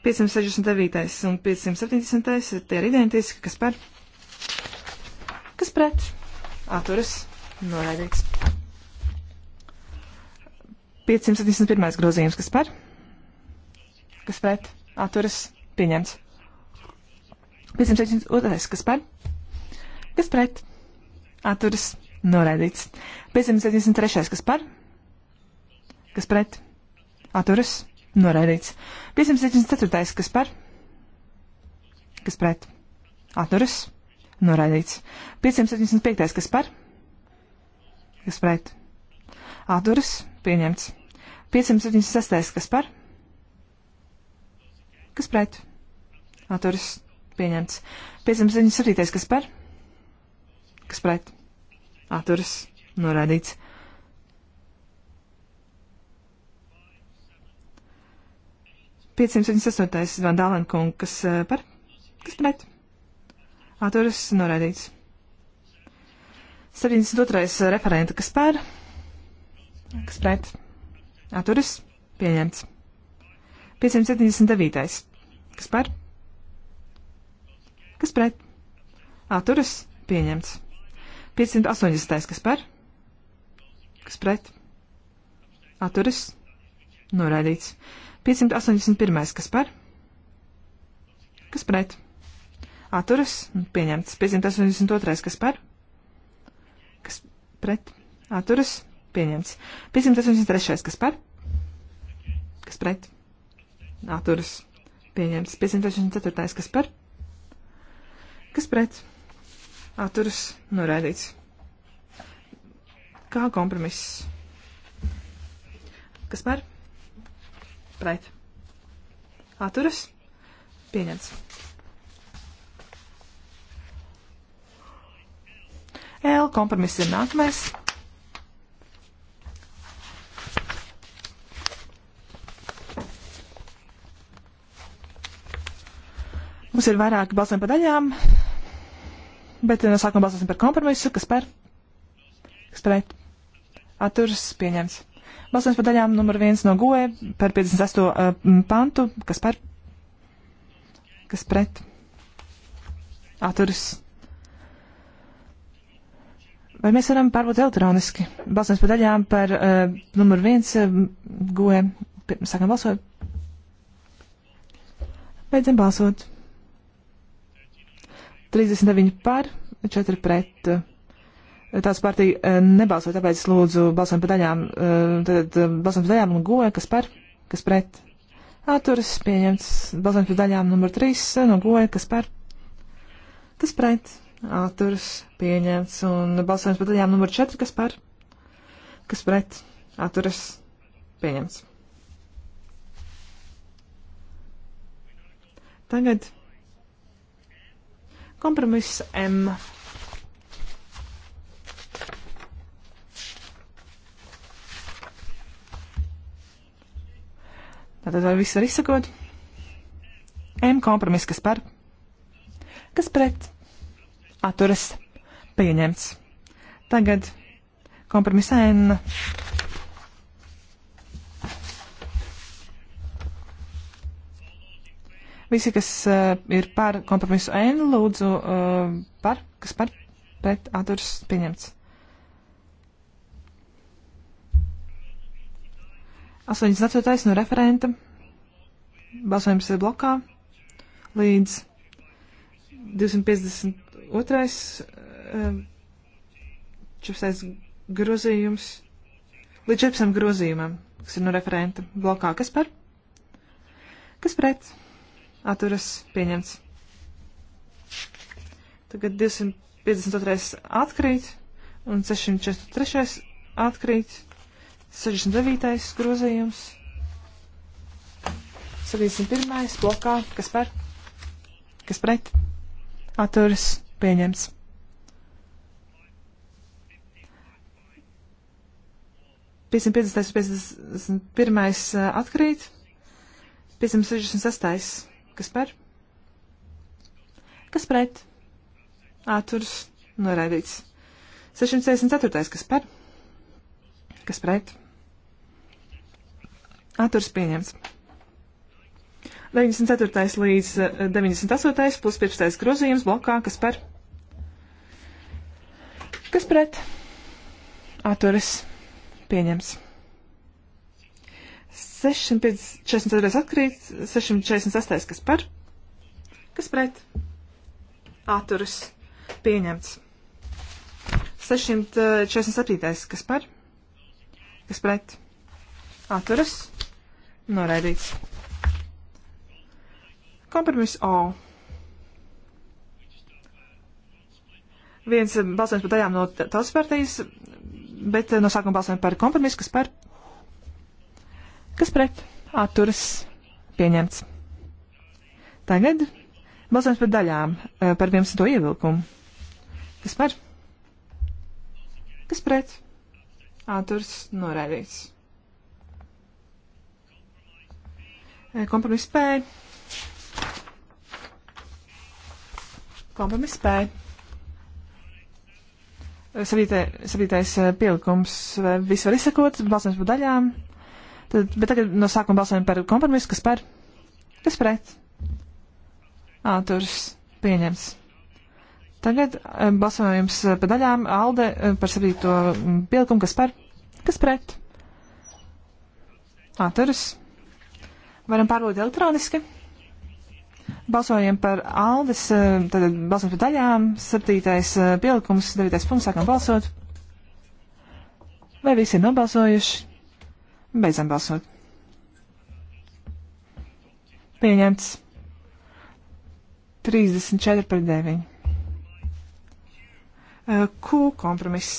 569. un 570. tie ir identiski, kas par, pret kas pret, atturas, noraidīts. 571. grozījums, kas par, kas pret, atturas, pieņemts. 572. kas par, kas pret, atturas, noraidīts. 573. kas par, kas pret, atturas, noraidīts. 574. kas par, kas pret, atturas, noraidīts. Noraidīts. 575. kas par? Kas pret? Atturas. Pieņemts. 576. kas par? Kas pret? Atturas. Pieņemts. 577. kas par? Kas pret? Atturas. Noraidīts. 578. Vandālenkungs, kas eh, par? Kas pret? atturas noraidīts. 72. referenta, kas pēr, kas pret, atturas, pieņemts. 579. kas pēr, kas pret, atturas, pieņemts. 580. kas pēr, kas pret, atturas, noraidīts. 581. kas pēr, kas pret, atturas pieņemts. 582. kas par? Kas pret? Atturas pieņemts. 583. kas par? Kas pret? Atturas pieņemts. 584. kas par? Kas pret? Atturas noraidīts. Kā kompromiss? Kas par? Pret. Atturas? Pieņemts. L kompromiss ir nākamais. Mums ir vairāk balsojumu par daļām, bet no nu, sākuma balsosim par kompromisu, kas par, kas pret, atturas pieņems. Balsojums par daļām numur viens no goja e par 58 uh, pantu, kas par, kas pret, atturas pieņems Vai mēs varam pārbaudīt elektroniski? Balsojums par daļām par uh, eh, numuru viens uh, eh, goja. Sākam balsot. Beidzam balsot. 39 par, 4 pret. Tās partija uh, nebalsoja, tāpēc lūdzu balsojumu par daļām. Uh, tad uh, balsojumu par daļām un goja, kas par, kas pret. Atturas pieņemts. Balsojums par daļām numur 3 no goja, kas par, kas pret atturas pieņemts. Un balsojums par daļām numur 4, kas par, kas pret, atturas pieņemts. Tagad kompromiss M. Tātad vai viss var izsakot? M kompromiss, kas par, kas pret, atturas pieņemts. Tagad kompromisa N. Visi, kas uh, ir par kompromisu N, lūdzu uh, par, kas par pret atturas pieņemts. 84. no referenta. Balsojums ir blokā līdz 250. Otrais, četrais um, grozījums, līdz četriem grozījumam, kas ir no referenta blokā, kas par? Kas pret? Atturas pieņemts. Tagad 252. atkrīt, un 643. atkrīt, 69. grozījums, 71. blokā, kas par? Kas pret? Atturas pieņemts Pieņems. Piecsimt piecdesmit, piecdesmit pirmais eh, atkrīt. Piecsimt sešdesmit sastais. Kas par? Kas pret? Āturs noraidīts. 664. kas par? Kas pret? Āturs pieņemts. 94. līdz 98. Eh, plus 15. grozījums blokā, kas par? Kas pret? Atturis pieņems. 644 atkrīt, 646, kas par? Kas pret? Atturis pieņemts. 647, kas par? Kas pret? Atturis noraidīts. Kompromiss O. Viens eh, balsojums par daļām no tautas partijas, bet eh, no sākuma balsojam par kompromisu, kas par. Kas pret? Atturas pieņemts. Tagad balsojums par daļām, eh, par 11. ievilkumu. Kas par? Kas pret? Atturs noraidīts. Kompromiss spēja. Kompromiss spēja. Savītais eh, pielikums viss var izsakot, balsojums par daļām. Tad, bet tagad no sākuma balsojam par kompromisu, kas par? Kas pret? Āturs pieņems. Tagad eh, balsojums eh, par daļām Alde par savīto mm, pielikumu, kas par? Kas pret? Āturs. Varam pārlūdīt elektroniski. Balsojam par Aldes, eh, tad balsojam par daļām, septītais eh, pielikums, devītais punkts, sākam balsot. Vai visi ir nobalsojuši? Beidzam balsot. Pieņemts 34 par 9. Q kompromiss.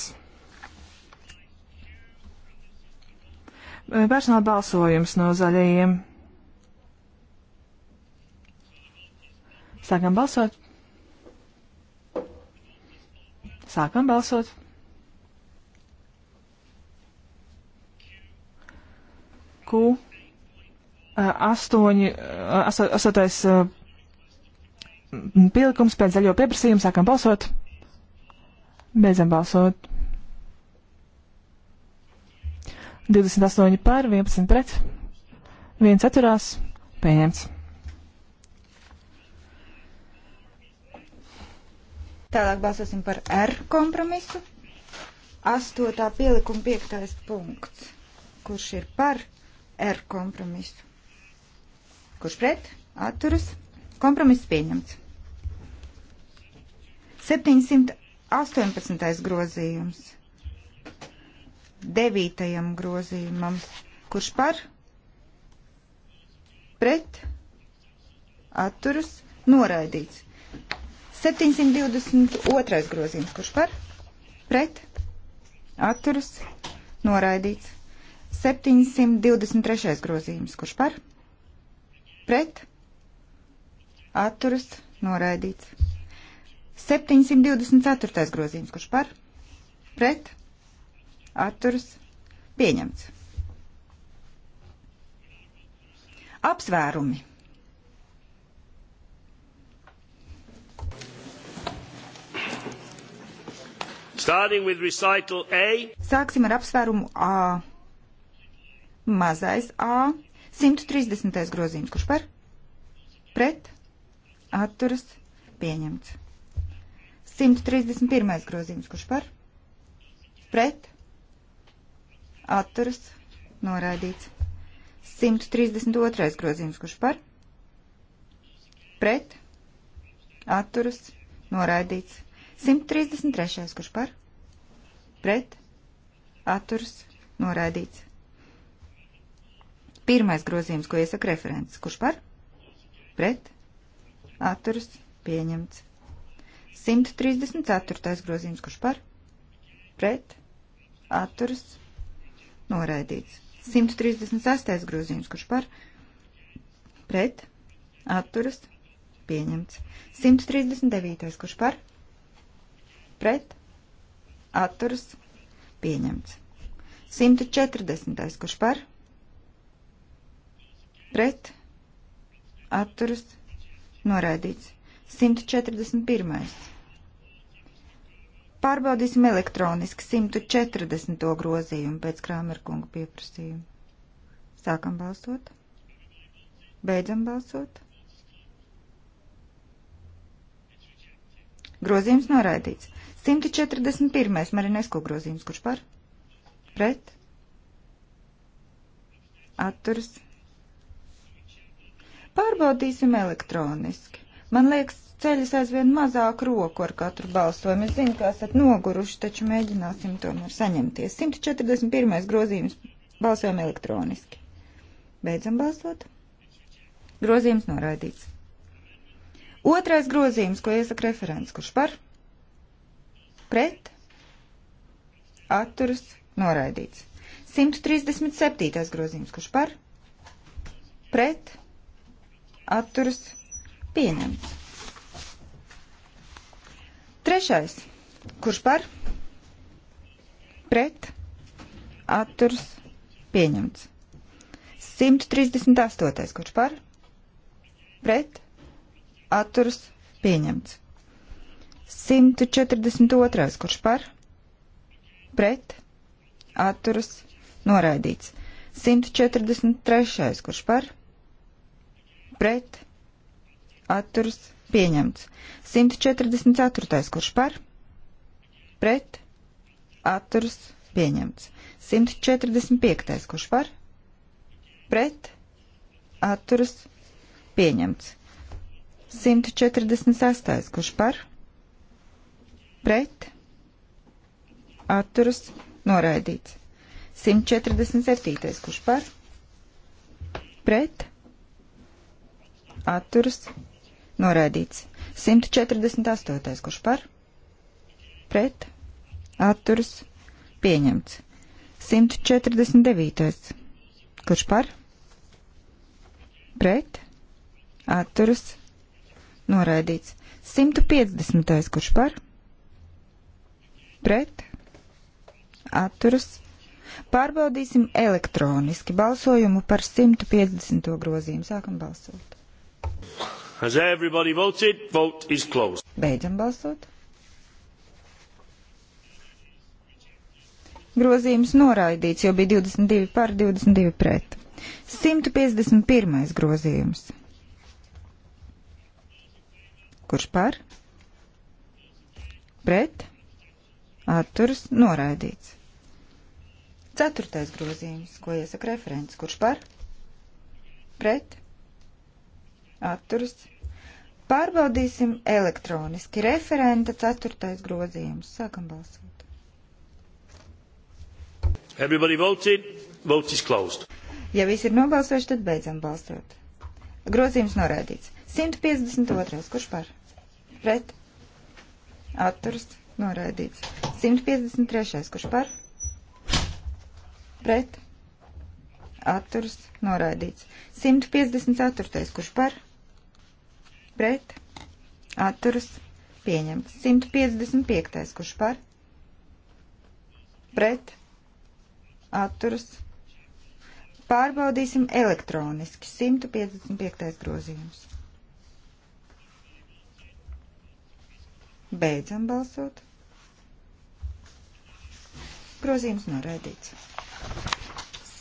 Eh, personāla balsojums no zaļajiem. Sākam balsot. Sākam balsot. Q. Uh, astoņi, uh, astotais uh, pielikums pēc zaļo pieprasījumu. Sākam balsot. Beidzam balsot. 28 pār, 11 pret, 1 atturās, pieņemts. Tālāk balsosim par R kompromisu. Astotā pielikuma piektais punkts. Kurš ir par R kompromisu? Kurš pret? Atturas. Kompromiss pieņemts. 718. grozījums. 9. grozījumam. Kurš par? Pret? Atturas. Noraidīts. 722. grozījums, kurš par? Pret? Atturas? Noraidīts. 723. grozījums, kurš par? Pret? Atturas? Noraidīts. 724. grozījums, kurš par? Pret? Atturas? Pieņemts. Apsvērumi. Sāksim ar apsvērumu A. Mazais A. 130. grozījums. Kurš par? Pret. Atturas. Pieņemts. 131. grozījums. Kurš par? Pret. Atturas. Noraidīts. 132. grozījums. Kurš par? Pret. Atturas. Noraidīts. 133. kurš par? Pret. Atturs. Noraidīts. Pirmais grozījums, ko iesaka referents. Kurš par? Pret. Atturs. Pieņemts. 134. grozījums. Kurš par? Pret. Atturs. Noraidīts. 136. grozījums. Kurš par? Pret. Atturas. Pieņemts. 139. Kurš par? pret, atturas, pieņemts. 140. kurš par, pret, atturas, noraidīts. 141. Pārbaudīsim elektroniski 140. grozījumu pēc Krāmerkunga pieprasījuma. Sākam balsot. Beidzam balsot. Grozījums noraidīts. 141. Marinesko grozījums, kurš par? Pret? Atturs? Pārbaudīsim elektroniski. Man liekas, ceļas aizvien mazāk roku ar katru balsojumu. Es zinu, ka esat noguruši, taču mēģināsim tomēr saņemties. 141. grozījums balsojam elektroniski. Beidzam balsot. Grozījums noraidīts. Otrais grozījums, ko iesaka referents, kurš par? pret, atturas, noraidīts. 137. grozījums, kurš par, pret, atturas, pieņemts. Trešais, kurš par, pret, atturas, pieņemts. 138. kurš par, pret, atturas, pieņemts. 142. kurš par, pret, atturas, noraidīts. 143. kurš par, pret, atturas, pieņemts. 144. kurš par, pret, atturas, pieņemts. 145. kurš par, pret, atturas, pieņemts. 146. kurš par, pret, pret atturas noraidīts. 147. kurš par pret atturas noraidīts. 148. kurš par pret atturas pieņemts. 149. kurš par pret atturas noraidīts. 150. kurš par pret pret, atturas. Pārbaudīsim elektroniski balsojumu par 150. grozījumu. Sākam balsot. Has everybody voted? Vote is closed. Beidzam balsot. Grozījums noraidīts, jo bija 22 par 22 pret. 151. grozījums. Kurš par? Pret? atturas noraidīts. Ceturtais grozījums, ko iesaka referents, kurš par, pret, atturas. Pārbaudīsim elektroniski referenta ceturtais grozījums. Sākam balsot. Everybody voted. Vote is closed. Ja visi ir nobalsojuši, tad beidzam balsot. Grozījums norādīts. 152. Kurš par? Pret? Atturst. Norādīts. 153. kurš par? Pret. Atturs noraidīts. 154. kurš par? Pret. Atturs pieņemts. 155. kurš par? Pret. Atturs. Pārbaudīsim elektroniski. 155. grozījums. Beidzam balsot grozījums noraidīts.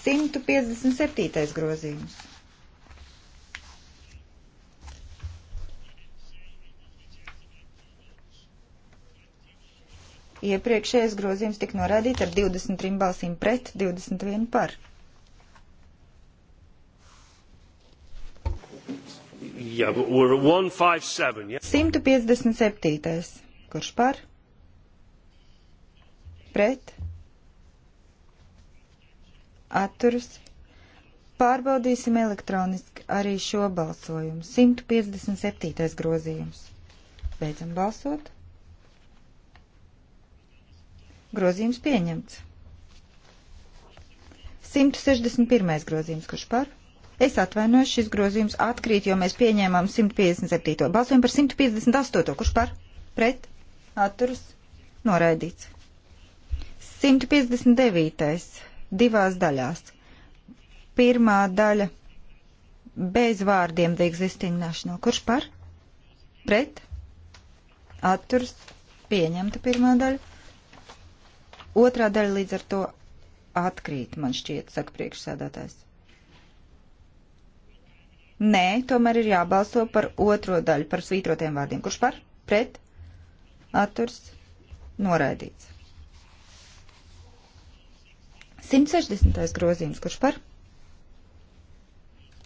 157. grozījums. Iepriekšējais grozījums tika norādīts ar 23 balsīm pret, 21 par. Yeah, 157, yeah. 157. Kurš par? Pret? atturas. Pārbaudīsim elektroniski arī šo balsojumu. 157. grozījums. Beidzam balsot. Grozījums pieņemts. 161. grozījums, kurš par? Es atvainojos, šis grozījums atkrīt, jo mēs pieņēmām 157. Balsojam par 158. Kurš par? Pret? Atturas? Noraidīts. 159 divās daļās. Pirmā daļa bez vārdiem The Existing National. Kurš par? Pret? Atturs? Pieņemta pirmā daļa. Otrā daļa līdz ar to atkrīt, man šķiet, saka priekšsēdētājs. Nē, tomēr ir jābalso par otro daļu, par svītrotiem vārdiem. Kurš par? Pret? Atturs? Noraidīts. 160. grozījums, kurš par?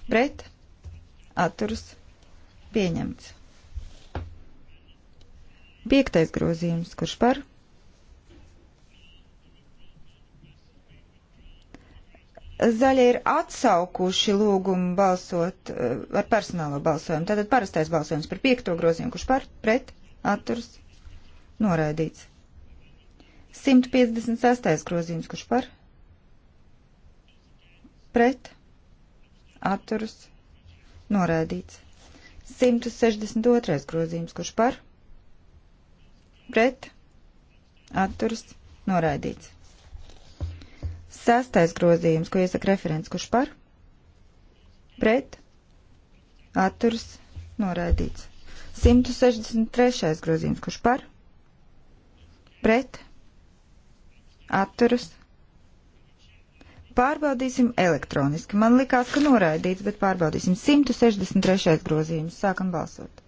Pret. Atturas. Pieņemts. 5. grozījums, kurš par? Zaļie ir atsaukuši lūgumu balsot eh, ar personālo balsojumu. Tātad parastais balsojums par piekto grozījumu, kurš par, pret, atturs, noraidīts. 156. grozījums, kurš par, pret atturas noraidīts. 162. grozījums, kurš par pret atturas noraidīts. Sestais grozījums, ko iesaka referents, kurš par pret atturas noraidīts. 163. grozījums, kurš par pret atturas noraidīts Pārbaudīsim elektroniski. Man likās, ka noraidīts, bet pārbaudīsim. 163. grozījums. Sākam balsot.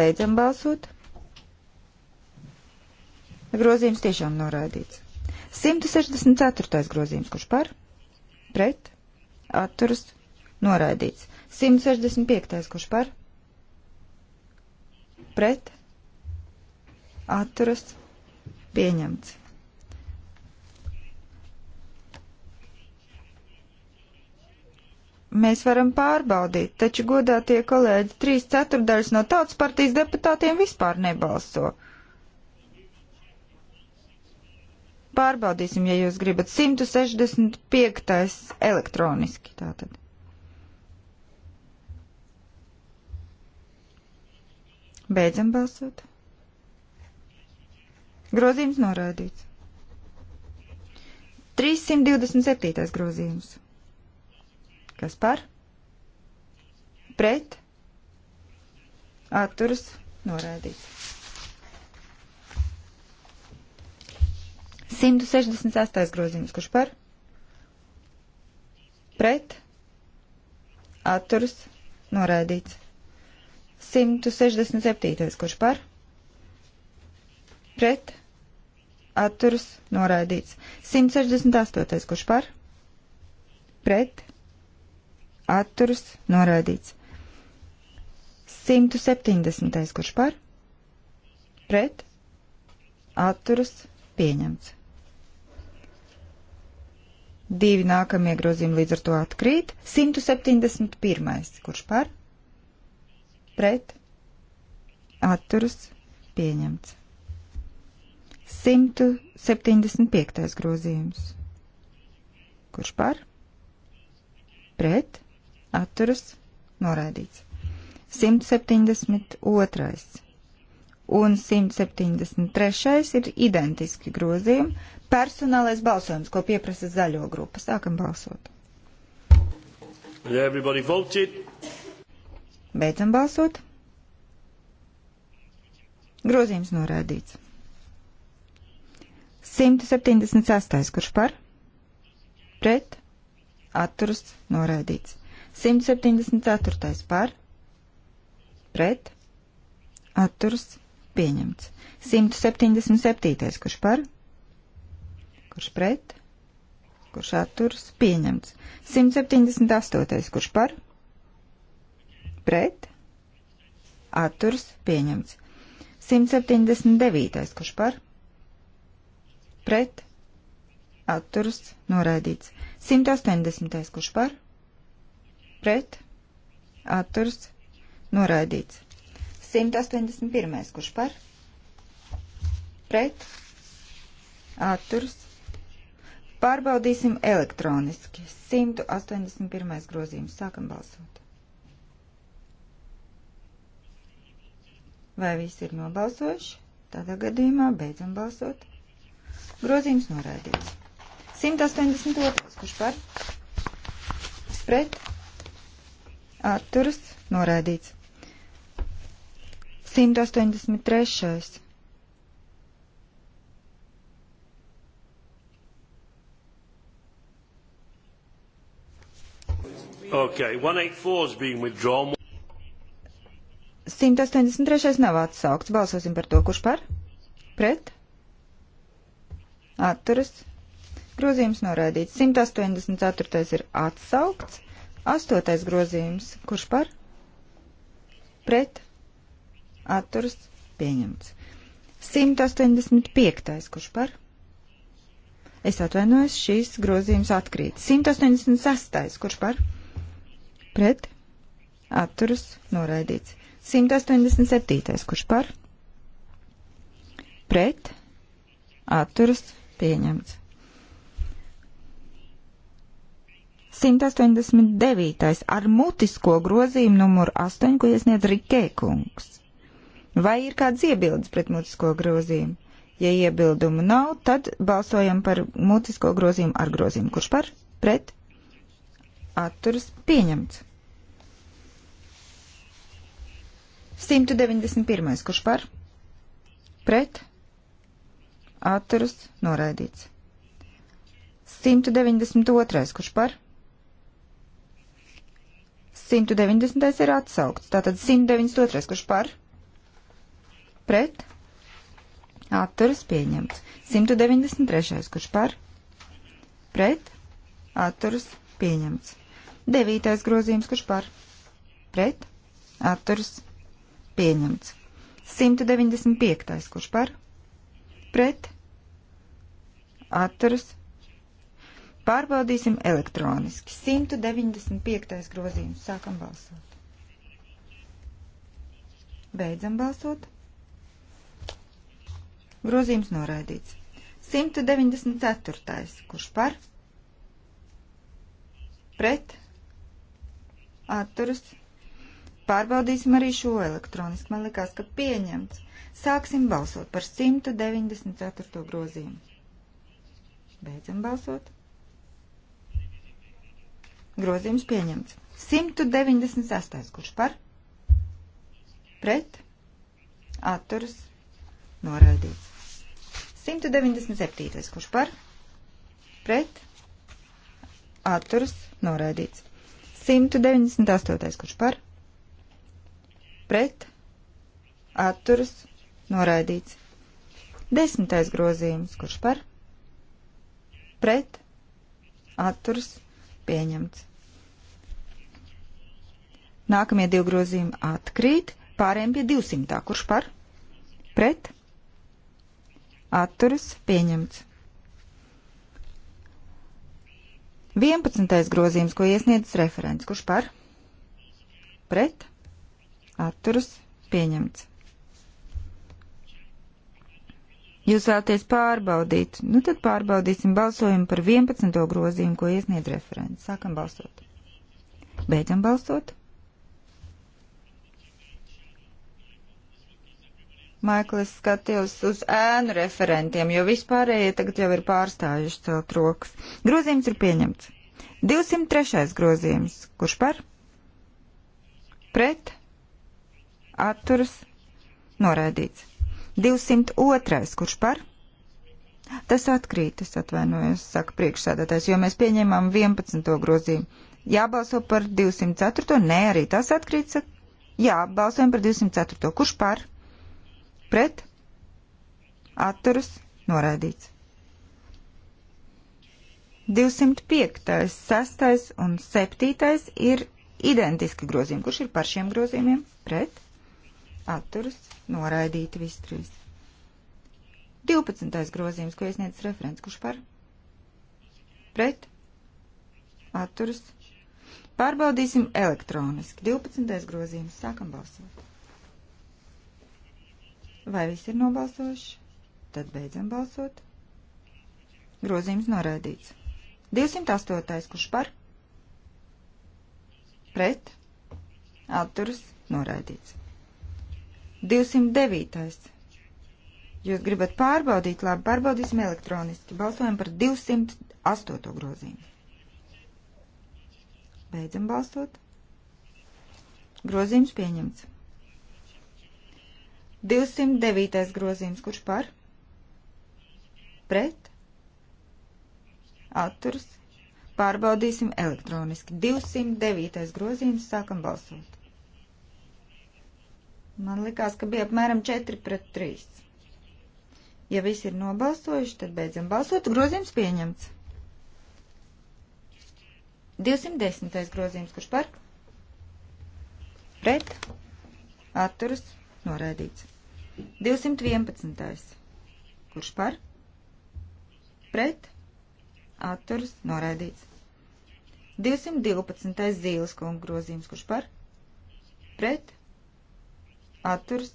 Beidzam balsot. Grozījums tiešām noraidīts. 164. grozījums. Kurš par? Pret? Atturas? Noraidīts. 165. kurš par? Pret? Atturas? Pieņemts. mēs varam pārbaudīt, taču godā tie kolēģi trīs ceturdaļas no tautas partijas deputātiem vispār nebalso. Pārbaudīsim, ja jūs gribat 165. elektroniski tātad. Beidzam balsot. Grozījums noraidīts. 327. grozījums. Kas par? Pret. Atturas noraidīts. 168. grozījums, kurš par? Pret. Atturas noraidīts. 167. kurš par? Pret. Atturas noraidīts. 168. kurš par? Pret atturas noraidīts. 170. kurš par, pret, atturas pieņemts. Divi nākamie grozījumi līdz ar to atkrīt. 171. kurš par, pret, atturas pieņemts. 175. grozījums. Kurš par? Pret? atturas noraidīts. 172. un 173. ir identiski grozījumi. Personālais balsojums, ko pieprasa zaļo grupa. Sākam balsot. Beidzam balsot. Grozījums norādīts. 178. kurš par? Pret? Atturas norādīts. 174. par, pret, atturs, pieņemts. 177. kurš par, kurš pret, kurš atturs, pieņemts. 178. kurš par, pret, atturs, pieņemts. 179. kurš par, pret, atturs, noraidīts. 180. kurš par, pret, atturs, noraidīts. 181. kurš par, pret, atturs. Pārbaudīsim elektroniski. 181. grozījums. Sākam balsot. Vai visi ir nobalsojuši? Tādā gadījumā beidzam balsot. Grozījums noraidīts. 182. kurš par? Pret? atturas noraidīts. 183. Okay, 184 is being withdrawn. 183. nav atsaukts. Balsosim par to, kurš par? Pret? Atturas. Grozījums noraidīts. 184. ir atsaukts. Astotais grozījums. Kurš par? Pret. Atturas pieņemts. 185. Kurš par? Es atvainojos, šīs grozījums atkrīt. 186. Kurš par? Pret. Atturas noraidīts. 187. Kurš par? Pret. Atturas pieņemts. 189. ar mutisko grozījumu numuru 8, ko iesniedz Rikē kungs. Vai ir kāds iebildes pret mutisko grozījumu? Ja iebildumu nav, tad balsojam par mutisko grozījumu ar grozījumu. Kurš par? Pret? Atturas pieņemts. 191. Kurš par? Pret? Atturas noraidīts. 192. Kurš par? 190. ir atsaukts. Tātad 192. kurš par? Pret? Atturas pieņemts. 193. kurš par? Pret? Atturas pieņemts. 9. grozījums kurš par? Pret? Atturas pieņemts. 195. kurš par? Pret? Atturas Pārbaudīsim elektroniski. 195. grozījums. Sākam balsot. Beidzam balsot. Grozījums noraidīts. 194. Kurš par? Pret? Atturas? Pārbaudīsim arī šo elektroniski. Man likās, ka pieņemts. Sāksim balsot par 194. grozījumu. Beidzam balsot. Grozījums pieņemts. 198. Kurš par? Pret? Atturas? Noraidīts. 197. Kurš par? Pret? Atturas? Noraidīts. 198. Kurš par? Pret? Atturas? Noraidīts. Desmitais grozījums. Kurš par? Pret? Atturas? Pieņemts. Nākamie divi grozījumi atkrīt. Pārējiem pie 200. Kurš par? Pret? Atturas pieņemts. 11. grozījums, ko iesniedz referents. Kurš par? Pret? Atturas pieņemts. jūs vēlaties pārbaudīt, nu tad pārbaudīsim balsojumu par 11. grozījumu, ko iesniedz referents. Sākam balsot. Beidzam balsot. Maikls skatījās uz ēnu referentiem, jo vispārējie tagad jau ir pārstājuši celt rokas. Grozījums ir pieņemts. 203. grozījums. Kurš par? Pret? Atturas? Noraidīts. 202. Kurš par? Tas atkrīt, es atvainojos, saka priekšsēdētājs, jo mēs pieņēmām 11. grozījumu. Jābalso par 204. Nē, arī tas atkrīt, saka. Jā, balsojam par 204. Kurš par? Pret? Atturas? Noraidīts. 205., 6. un 7. ir identiski grozījumi. Kurš ir par šiem grozījumiem? Pret? atturas noraidīti visi trīs. 12. grozījums, ko iesniedz referents, kurš par? Pret? Atturas. Pārbaudīsim elektroniski. 12. grozījums. Sākam balsot. Vai visi ir nobalsojuši? Tad beidzam balsot. Grozījums noraidīts. 208. kurš par? Pret? Atturas. Noraidīts. 209. Jūs gribat pārbaudīt, labi, pārbaudīsim elektroniski. Balsojam par 208. grozījumu. Beidzam balsot. Grozījums pieņemts. 209. grozījums, kurš par? Pret? Atturs? Pārbaudīsim elektroniski. 209. grozījums, sākam balsot. Man likās, ka bija apmēram 4 pret 3. Ja visi ir nobalsojuši, tad beidzam balsot. Grozījums pieņemts. 210. grozījums, kurš par? Pret. Atturas. Noraidīts. 211. Kurš par? Pret. Atturas. Noraidīts. 212. zīles kungu grozījums, kurš par? Pret atturs.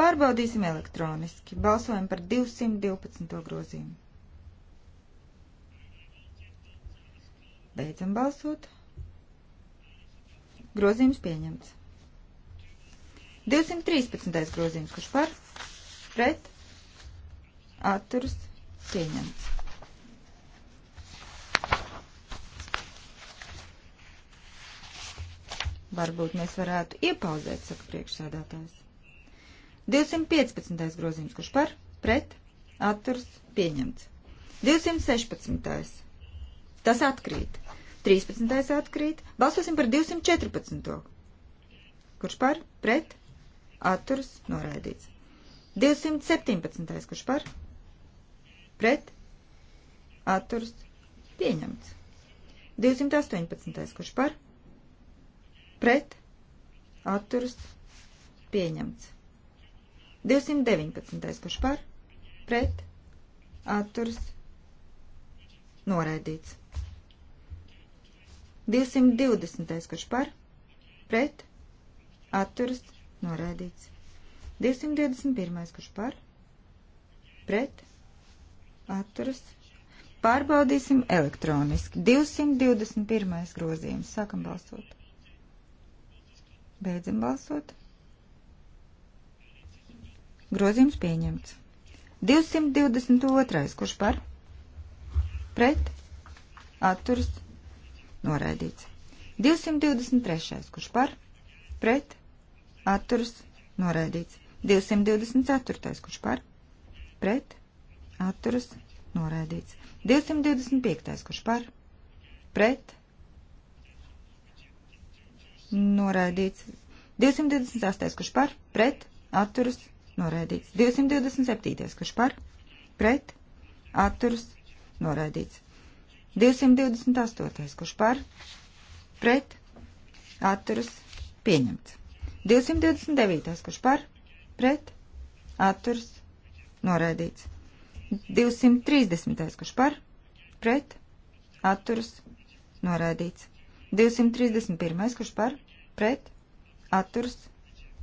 Pārbaudīsim elektroniski. Balsojam par 212. grozījumu. Beidzam balsot. Grozījums pieņemts. 213. grozījums, kurš par, pret, atturs, pieņemts. Varbūt mēs varētu iepauzēt, saka priekšsēdētājs. 215. grozījums, kurš par, pret, atturs, pieņemts. 216. Tas atkrīt. 13. atkrīt. Balsosim par 214. Kurš par, pret, atturs, noraidīts. 217. kurš par, pret, atturs, pieņemts. 218. kurš par, pret atturas pieņemts. 219. kurš par pret atturas noraidīts. 220. kurš par pret atturas noraidīts. 221. kurš par pret atturas pārbaudīsim elektroniski. 221. grozījums. Sākam balsot. Beidzam balsot. Grozījums pieņemts. 222. Kurš par? Pret. Atturs. Noraidīts. 223. Kurš par? Pret. Atturs. Noraidīts. 224. Kurš par? Pret. Atturs. Noraidīts. 225. Kurš par? Pret noraidīts. 228. kurš par, pret, atturas, noraidīts. 227. kurš par, pret, atturas, noraidīts. 228. kurš par, pret, atturas, pieņemts. 229. kurš par, pret, atturas, noraidīts. 230. kurš par, pret, atturas, noraidīts. 231. kurš par pret atturs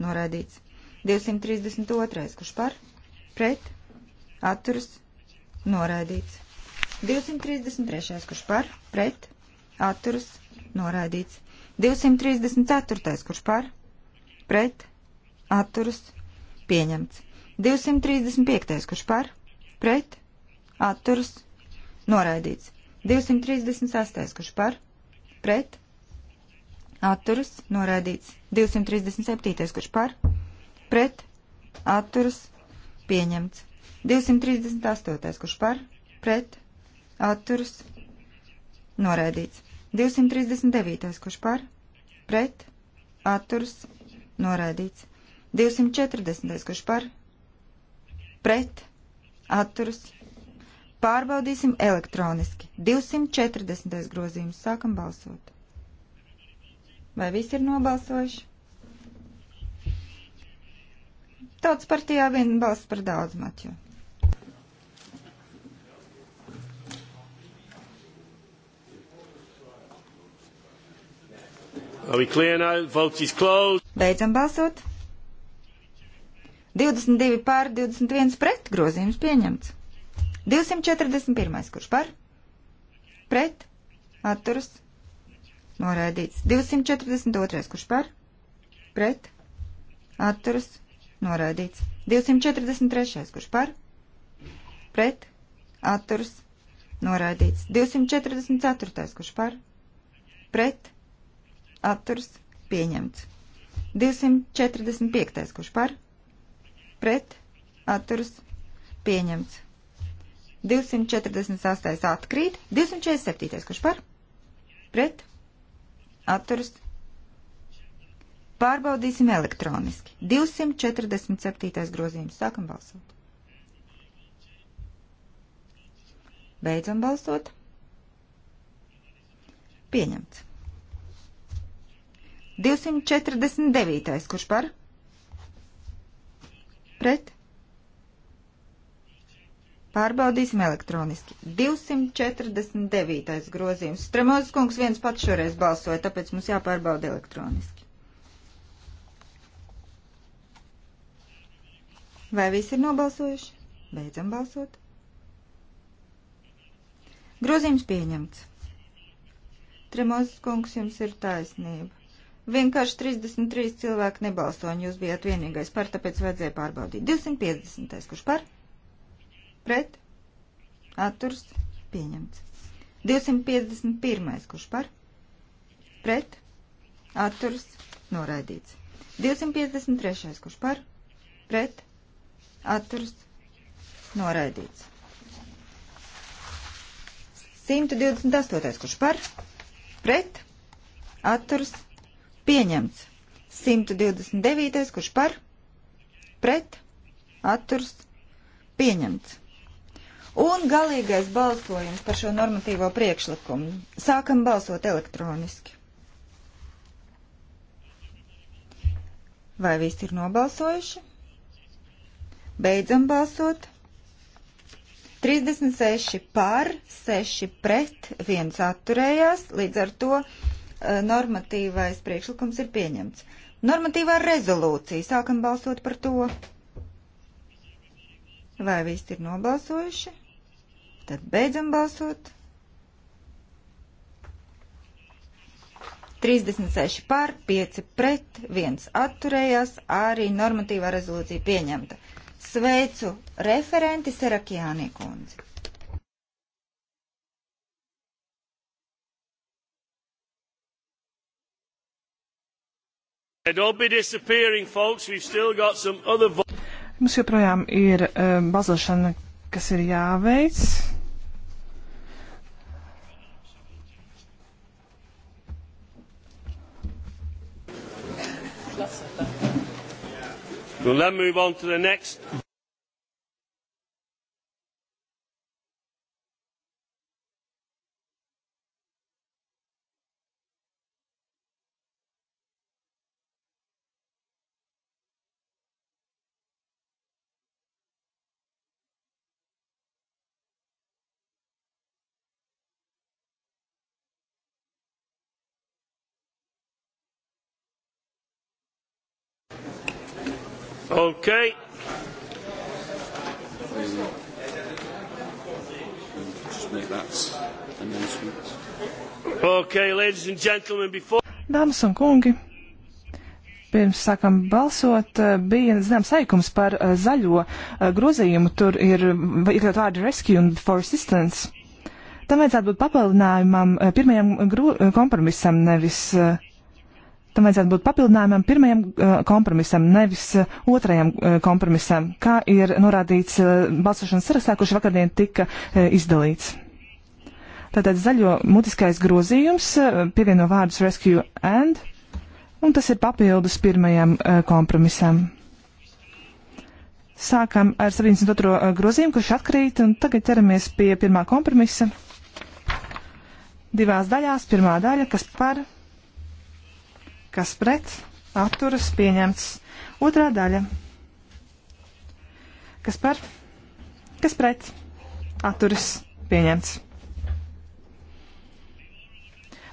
noraidīts. 232. kurš par pret atturs noraidīts. 233. kurš par pret atturs noraidīts. 234. kurš par pret atturs pieņemts. 235. kurš par pret atturs noraidīts. 238. kurš par pret, atturas, noraidīts. 237. kurš par, pret, atturas, pieņemts. 238. kurš par, pret, atturas, noraidīts. 239. kurš par, pret, atturas, noraidīts. 240. kurš par, pret, atturas, Pārbaudīsim elektroniski. 240. grozījums. Sākam balsot. Vai visi ir nobalsojuši? Tautas partijā viena balss par daudz, Maķu. Beidzam balsot. 22 pār 21 pret grozījums pieņemts. 241. Kurš par? Pret. Atturas. Noraidīts. 242. Kurš par? Pret. Atturas. Noraidīts. 243. Kurš par? Pret. Atturas. Noraidīts. 244. Kurš par? Pret. Atturas. Pieņemts. 245. Kurš par? Pret. Atturas. Pieņemts. 248. atkrīt, 247. kurš par, pret, atturas. Pārbaudīsim elektroniski. 247. grozījums. Sākam balsot. Beidzam balsot. Pieņemts. 249. kurš par? Pret? Pārbaudīsim elektroniski. 249. grozījums. Stremozes kungs viens pats šoreiz balsoja, tāpēc mums jāpārbauda elektroniski. Vai visi ir nobalsojuši? Beidzam balsot. Grozījums pieņemts. Tremozes kungs, jums ir taisnība. Vienkārši 33 cilvēki nebalso, un jūs bijat vienīgais par, tāpēc vajadzēja pārbaudīt. 250. kurš par? pret atturs pieņemts. 251. kurš par pret atturs noraidīts. 253. kurš par pret atturs noraidīts. 128. kurš par pret atturs pieņemts. 129. kurš par pret atturs pieņemts. Un galīgais balsojums par šo normatīvo priekšlikumu. Sākam balsot elektroniski. Vai visi ir nobalsojuši? Beidzam balsot. 36 par, 6 pret, 1 atturējās, līdz ar to eh, normatīvais priekšlikums ir pieņemts. Normatīvā rezolūcija. Sākam balsot par to. Vai visi ir nobalsojuši? Tad beidzam balsot. 36 pār, 5 pret, 1 atturējās, arī normatīvā rezolūcija pieņemta. Sveicu referenti Serakjāni kundzi. Don't be disappearing, folks. We've still got some other. Mums joprojām ir um, balsošana, kas ir jāveic. We'll then move on to the next. Ok. Okay, ladies and gentlemen, before... Dāmas un kungi, pirms sākam balsot, eh, bija zināms saikums par eh, zaļo eh, grozījumu. Tur ir iekļaut vārdu rescue un for assistance. Tam vajadzētu būt papildinājumam pirmajam kompromisam, nevis uh, tam vajadzētu būt papildinājumam pirmajam uh, kompromisam, nevis uh, otrajam uh, kompromisam, kā ir norādīts uh, balsošanas sarakstā, kurš vakardien tika uh, izdalīts. Tātad zaļo mutiskais grozījums uh, pievieno vārdus rescue and, un tas ir papildus pirmajam uh, kompromisam. Sākam ar 72. Uh, grozījumu, kurš atkrīt, un tagad ķeramies pie pirmā kompromisa. Divās daļās. Pirmā daļa, kas par kas pret, atturas pieņemts. Otrā daļa. Kas par, kas pret, atturas pieņemts.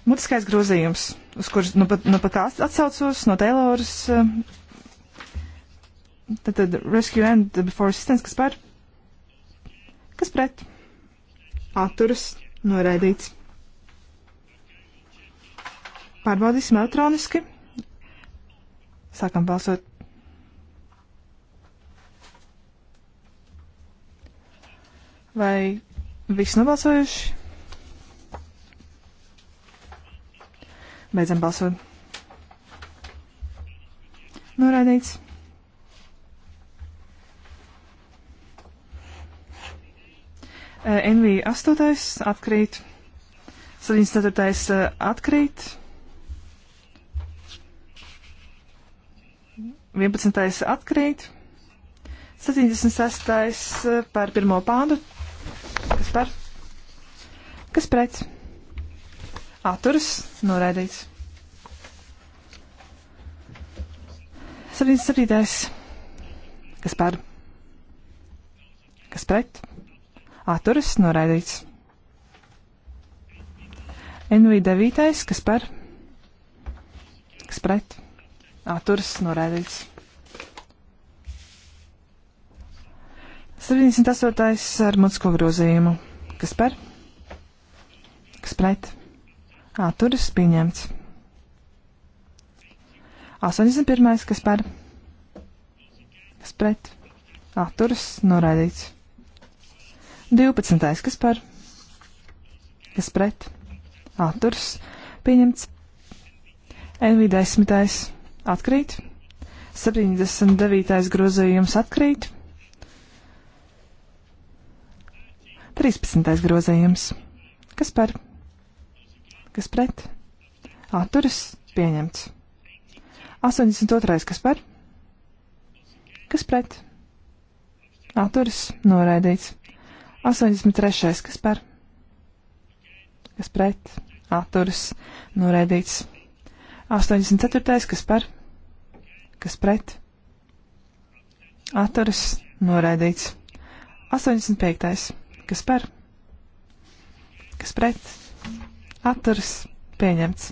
Mutiskais grozījums, uz kurš nu pat, nu pat atsaucos no Tayloras, eh, tad, tad Rescue and Before Assistance, kas par, kas pret, atturas noraidīts. Pārbaudīsim elektroniski. Sākam balsot. Vai viss nobalsojuši? Beidzam balsot. Noraidīts. Eh, NV 8 atkrīt, 74 eh, atkrīt. 11. atkrīt, 76. Eh, par pirmo pāndu, kas par, kas pret, atturas, noraidīts. 77. kas par, kas pret, atturas, noraidīts. NV9, kas par, kas pret, Atturas norēdīts. 78. ar mutisko grozījumu. Kas par? Kas pret? Atturas pieņemts. 81. kas par? Kas pret? Atturas noraidīts. 12. kas par? Kas pret? Atturas pieņemts. NV 10 atkrīt, 79. grozījums atkrīt, 13. grozījums. Kas par? Kas pret? Atturas pieņemts. 82. kas par? Kas pret? Atturas noraidīts. 83. kas par? Kas pret? Atturas noraidīts. 84. kas par, kas pret, atturas noraidīts. 85. kas par, kas pret, atturas pieņemts.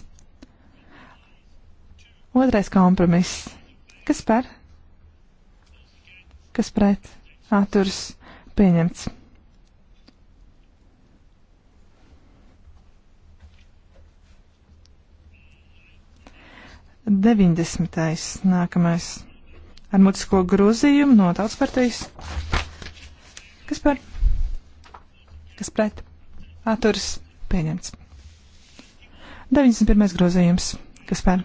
Otrais kompromiss. Kas par, kas pret, atturas pieņemts. 90. nākamais ar mutisko grozījumu no tautas partijas. Kas par? Kas pret? Atturis pieņemts. 91. grozījums. Kas par?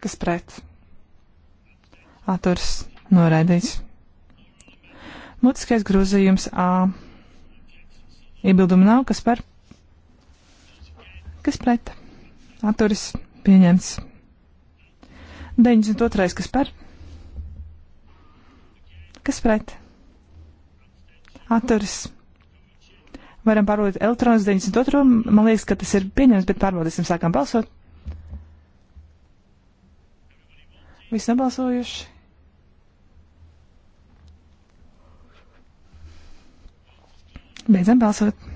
Kas pret? Atturs noraidīts. Mutiskais grozījums A. Iebildumi nav. Kas par? Kas pret? Atturis pieņemts. 92. Kas par? Kas pret? Atturis. Varam pārbaudīt elektronas 92. Man liekas, ka tas ir pieņemts, bet pārbaudīsim, sākam balsot. Visi nobalsojuši. Beidzam balsot.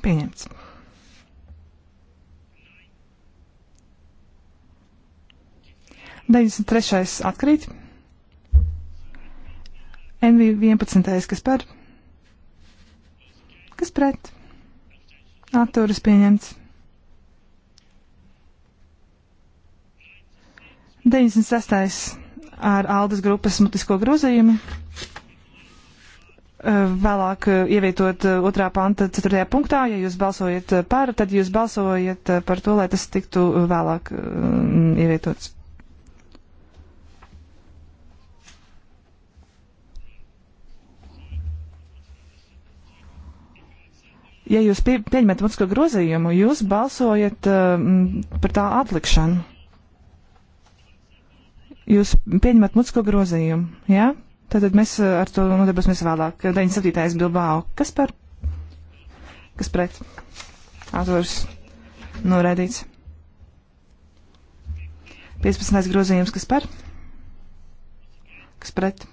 Pieņemts. Deviņdesmit trešais atkrīt. NV vienpadsmitais, kas par? Kas pret? Atturas pieņemts. 96. ar Aldas grupas mutisko grozījumu vēlāk eh, ievietot eh, otrā panta ceturtajā punktā, ja jūs balsojat eh, par, tad jūs balsojat par to, lai tas tiktu vēlāk ievietots. Ja jūs pie, pieņemat mūsu grozījumu, jūs balsojat uh, par tā atlikšanu. Jūs pieņemat mūsu grozījumu, jā? Ja? Tātad mēs eh, ar to nodarbosimies vēlāk. 97. Bilbao. Kas par? Kas pret? Autors noraidīts. 15. grozījums. Kas par? Kas pret?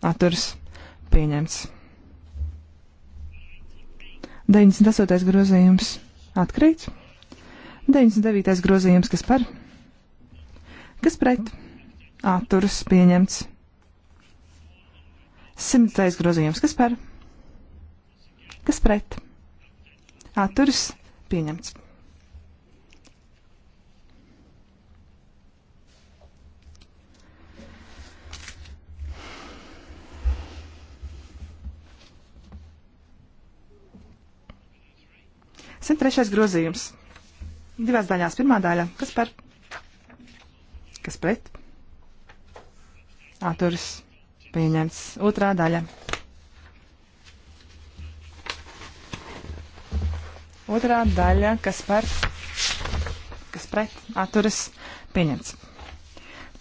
Autors pieņemts. 98. grozījums atkrīt. 99. grozījums, kas par? Kas pret? Atturas pieņemts. Simtais grozījums. Kas par? Kas pret? Atturis pieņemts. Simt trešais grozījums. Divās daļās. Pirmā daļa. Kas par? Kas pret? Atturis pieņemts pieņemts. Otrā daļa. Otrā daļa, kas par, kas pret, atturas, pieņemts.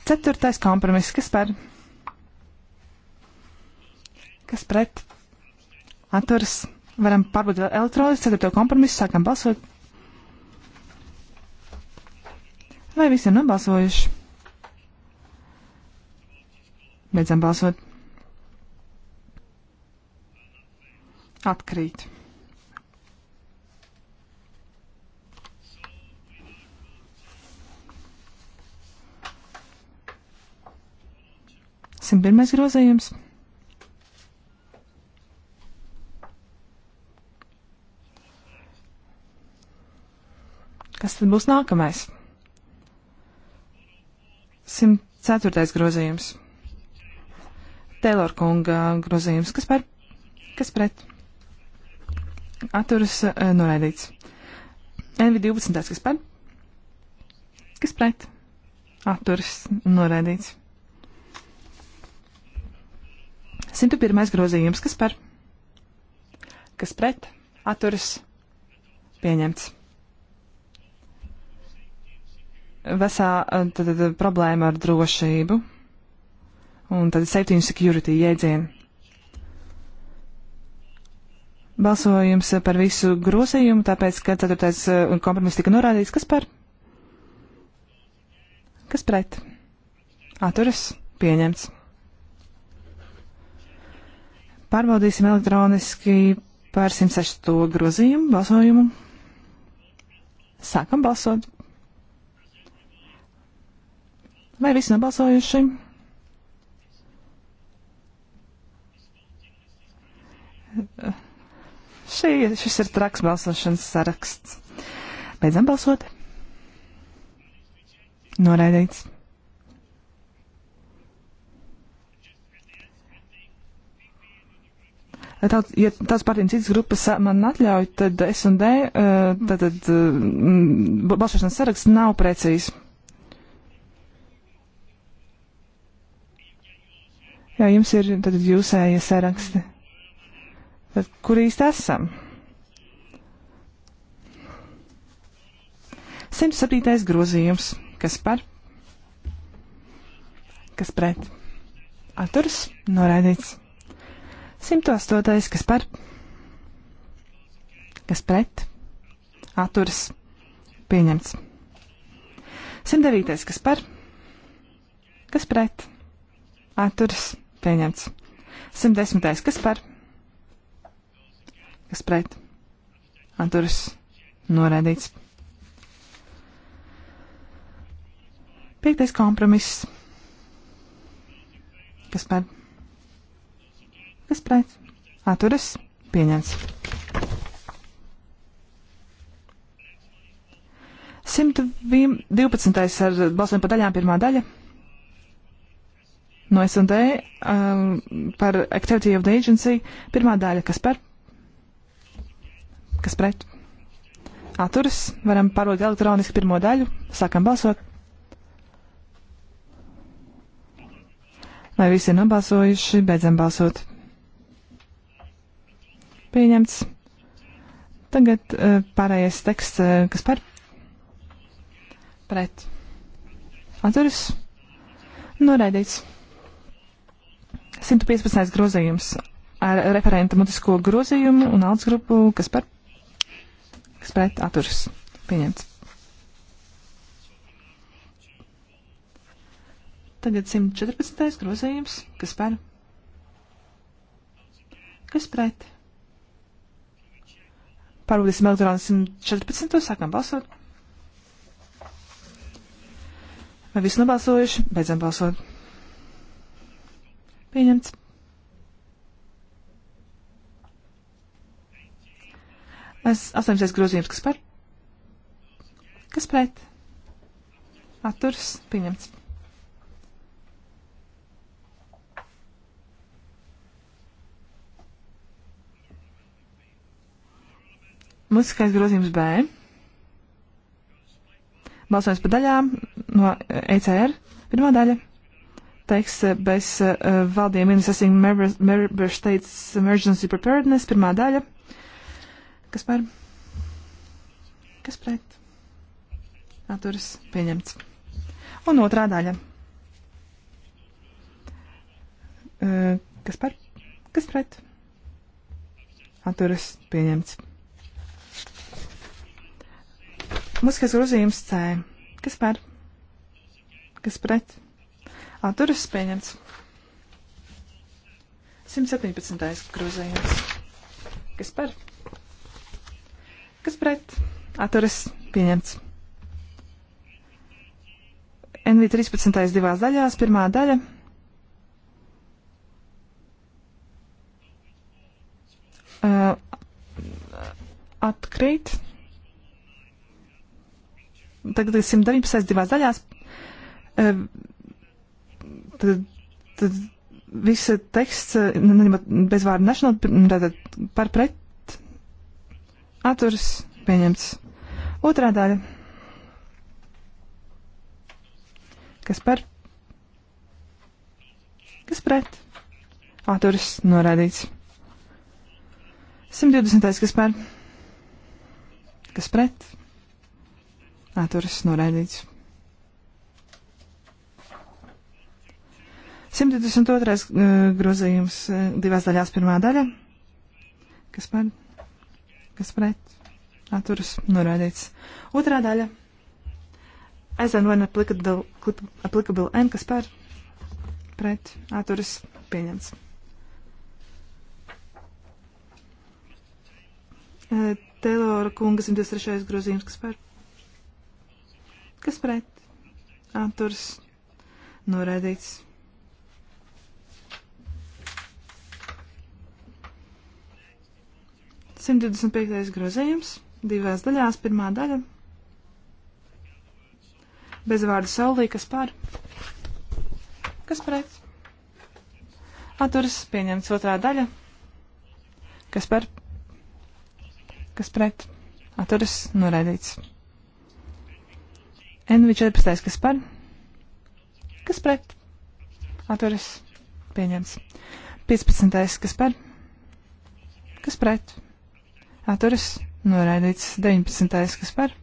Ceturtais kompromiss, kas par, kas pret, atturas, varam pārbūt vēl elektroniski, ceturto kompromisu, sākam balsot. Vai visi ir nobalsojuši? Beidzam balsot. Atkrīt. Simt pirmais grozījums. Kas tad būs nākamais? 104. grozījums. Taylor kunga grozījums. Kas par? Kas pret? Atturas eh, noraidīts. NV12. Kas par? Kas pret? Atturas noraidīts. 101. grozījums. Kas par? Kas pret? Atturas pieņemts vesā eh, tad, tad, problēma ar drošību un tad septiņu security jēdzienu. Balsojums par visu grozījumu, tāpēc, ka ceturtais uh, kompromiss tika norādīts, kas par? Kas pret? Atturas pieņemts. Pārbaudīsim elektroniski par 106. grozījumu balsojumu. Sākam balsot. Vai visi nobalsojuši? Šī, šis ir traks balsošanas saraksts. Beidzam balsot. Noraidīts. Tāds, ja tās partijas citas grupas man atļauj, tad S un D, eh, tad, tad eh, balsošanas saraksts nav precīzs. Jā, jums ir tad jūsēja eh, saraksti. Tad, kur īsti esam? 107. grozījums. Kas par? Kas pret? Atturs noraidīts. 108. kas par? Kas pret? Atturs pieņemts. 109. kas par? Kas pret? Atturs pieņemts. 110. kas par? kas pret atturas noraidīts. Piektais kompromiss. Kas pret? Kas pret? Atturas pieņemts. 112. ar balsojumu pa daļām pirmā daļa no S&D um, par Activity of the Agency. Pirmā daļa, kas par? Kas pret? Atturas. Varam pārot elektroniski pirmo daļu. Sākam balsot. Vai visi ir nobalsojuši? Beidzam balsot. Pieņemts. Tagad uh, pārējais teksts, uh, kas par? Pret. Atveris. Noraidīts. 115. grozījums ar referenta mutisko grozījumu un alts grupu, kas par? pret atturas pieņemts. Tagad 114. grozījums, kas par? Kas pret? Parūdīsim elektronu 114. sākam balsot. Vai visi nobalsojuši? Beidzam balsot. Pieņemts. 18. grozījums, kas par? Kas pret? Atturs pieņemts. Mūzikais grozījums B. Balsojums par daļām no ECR. Pirmā daļa. Teiks bez uh, valdiem ministrs member, member States Emergency Preparedness. Pirmā daļa. Kas par? Kas pret? Atturas pieņemts. Un otrā daļa. Kas par? Kas pret? Atturas pieņemts. Mūzikas grozījums C. Kas par? Kas pret? Atturas pieņemts. 117. grozījums. Kas par? Kas pret? Atturas pieņemts. NV 13. divās daļās, pirmā daļa. Uh, atkrīt. Tagad 119. divās daļās. Uh, tad, tad visa teksts, ne, uh, ne, bez vārda national, mm, tātad par pret Atturas pieņemts. Otrā daļa. Kas par? Kas pret? Atturas norādīts. 120. kas par? Kas pret? Atturas norādīts. 122. Eh, grozījums eh, divās daļās pirmā daļa. Kas par? kas pret, atturas norādīts. Otrā daļa. As and when applicable, applicable N, kas par, pret, atturas pieņemts. E, Teilora kunga 123. grozījums, kas par, kas pret, atturas norādīts. 125. grozījums divās daļās. Pirmā daļa bez vārda saulī, kas pār? Kas pret? Atturas pieņemts otrā daļa. Kas par? Kas pret? Atturas noraidīts. NV14. Kas par? Kas pret? Atturas pieņemts. 15. Kas par? Kas pret? atturas noraidīts 19. kas par,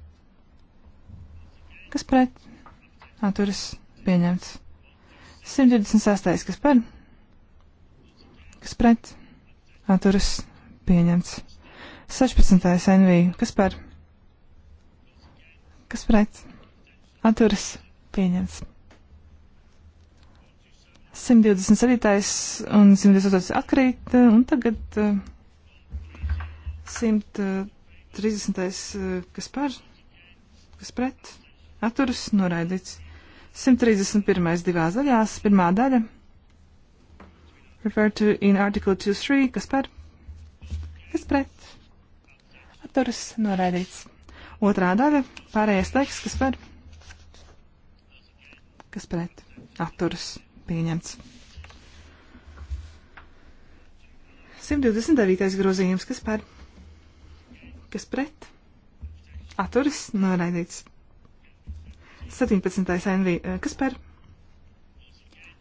kas pret, atturas pieņemts 126. kas par, kas pret, atturas pieņemts 16. NV, kas par, kas pret, atturas pieņemts 127. un 128. atkrīt, un tagad. Uh, 130. Eh, kas par, kas pret, atturas noraidīts. 131. divās daļās, pirmā daļa. Refer to in article 23, kas par, kas pret, atturas noraidīts. Otrā daļa, pārējais teksts, kas par, kas pret, atturas pieņemts. 129. grozījums, kas par, kas pret, atturas, noraidīts. 17. NV, eh, kas par,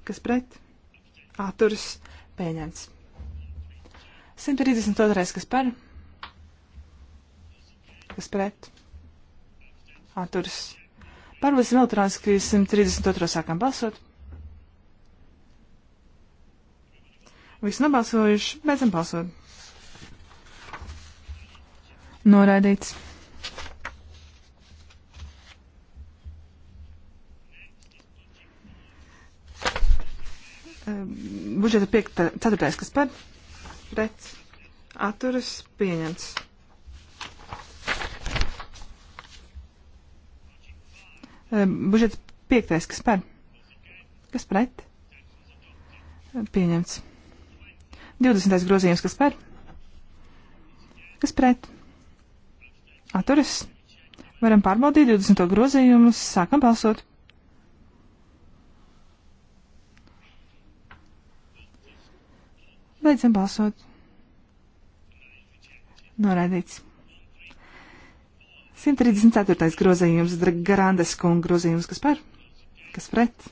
kas pret, atturas, pieņemts. 132. kas par, kas pret, atturas. Pārbaudīsim elektroniski 132. sākam balsot. Visi nobalsojuši, beidzam balsot. Noraidīts. Ehm, budžeta 4. kas par pret atturas pieņemts. Ehm, budžeta 5. kas par kas pret pieņemts. 20. grozījums kas par kas pret Atturas. Varam pārbaudīt 20. grozījumus. Sākam balsot. Beidzam balsot. Norādīts. 134. grozījums, Grandes kunga grozījums, kas par, kas pret,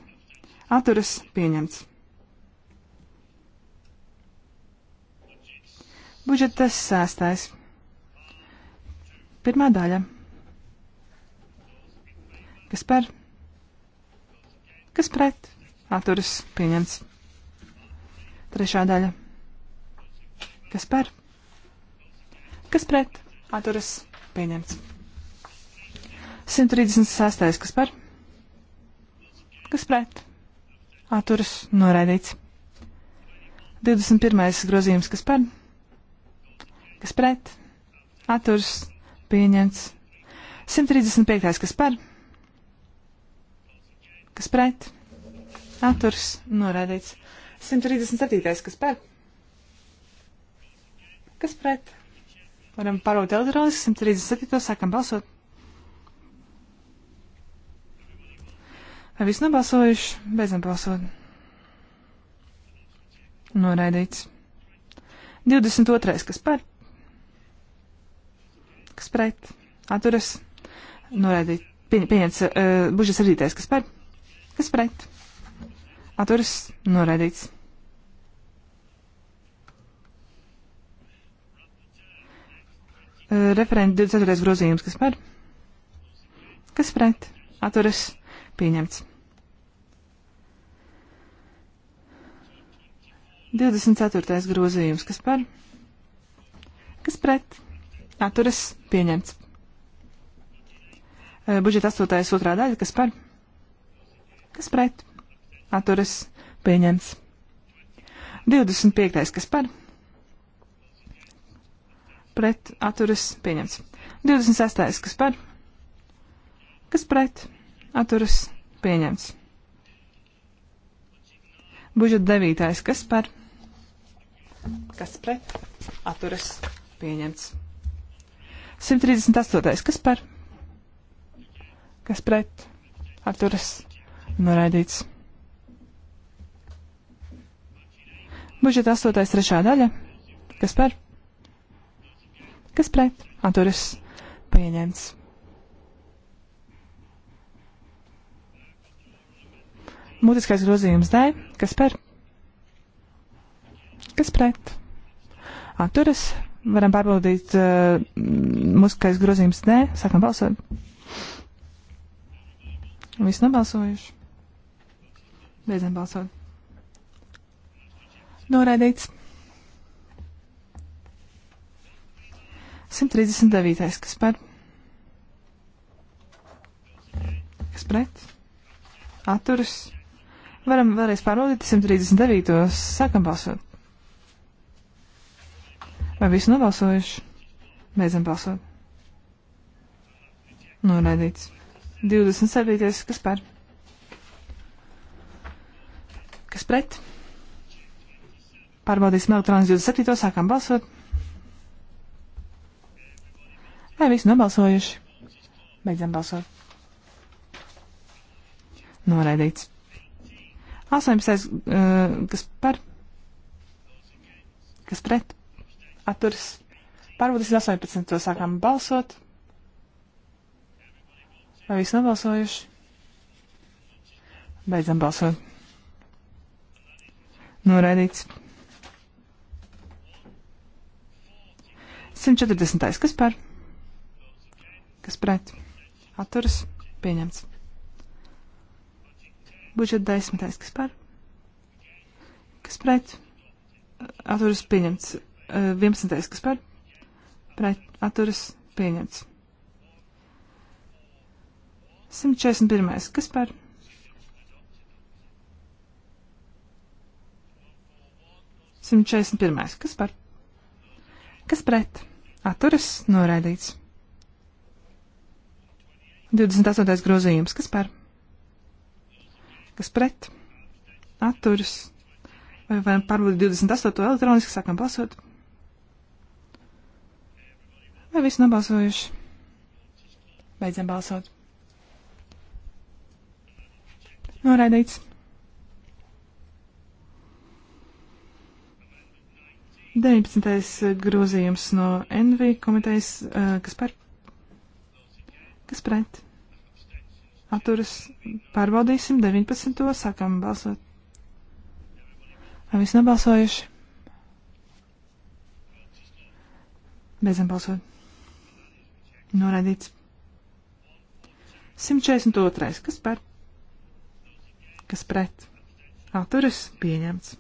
atturas pieņemts. Budžetas sēstais. Pirmā daļa. Kas par? Kas pret? Atturas pieņemts. Trešā daļa. Kas par? Kas pret? Atturas pieņemts. 136. Kas par? Kas pret? Atturas noraidīts. 21. grozījums. Kas par? Kas pret? Atturas pieņemts. 135. kas par, kas pret, atturs, noraidīts. 137. kas par, kas pret. Varam parot elektronis, 137. sākam balsot. Vai viss nobalsojuši? Beidzam balsot. Noraidīts. 22. kas par? kas pret, atturas, noraidīt, pieņemts, uh, bužas radītais, kas par, kas pret, atturas, noraidīts. Uh, referenti 24. grozījums, kas par, kas pret, atturas, pieņemts. 24. grozījums, kas par, kas pret, atturas pieņemts. E, budžeta 8. otrā daļa, kas par? Kas pret? Atturas pieņemts. 25. kas par? Pret atturas pieņemts. 26. kas par? Kas pret? Atturas pieņemts. Budžeta 9. kas par? Kas pret? Atturas pieņemts. 138. Kas par? Kas pret? Atturas noraidīts. Budžeta 8. trešā daļa. Kas par? Kas pret? Atturas pieņemts. Mūtiskais grozījums D. Kas par? Kas pret? Atturas Varam pārbaudīt uh, eh, muskais grozījums. Nē, sākam balsot. Viss nobalsojuši. Beidzam balsot. Noraidīts. 139. kas par? Kas pret? Atturas. Varam vēlreiz pārbaudīt 139. Sākam balsot. Vai visi nobalsojuši? Beidzam balsot. Noraidīts. 27. Kas par? Kas pret? Pārbaudīsim elektronas 27. Sākam balsot. Vai visi nobalsojuši? Beidzam balsot. Noraidīts. 18. Eh, kas par? Kas pret? atturas pārbaudas 18. sākām balsot. Vai viss nobalsojuši? Beidzam balsot. Noraidīts. 140. Kas par? Kas pret? Atturas. Pieņemts. Budžeta desmitais. Kas par? Kas pret? Atturas. Pieņemts. 11. kas par pret atturas pieņemts. 141. kas par Simt četrdesmit pirmais. Kas par? Kas pret? Atturas noraidīts. 28. grozījums. Kas par? Kas pret? Atturas. Vai varam pārbaudīt 28. elektroniski sākam balsot? Vai viss nobalsojuši? Beidzam balsot. Noraidīts. 19. grozījums no NV komitejas, kas par, kas pret, atturas, pārbaudīsim 19. sākam balsot. Vai viss nobalsojuši? Beidzam balsot. Noraidīts. 142. Kas par? Kas pret? Atturas pieņemts.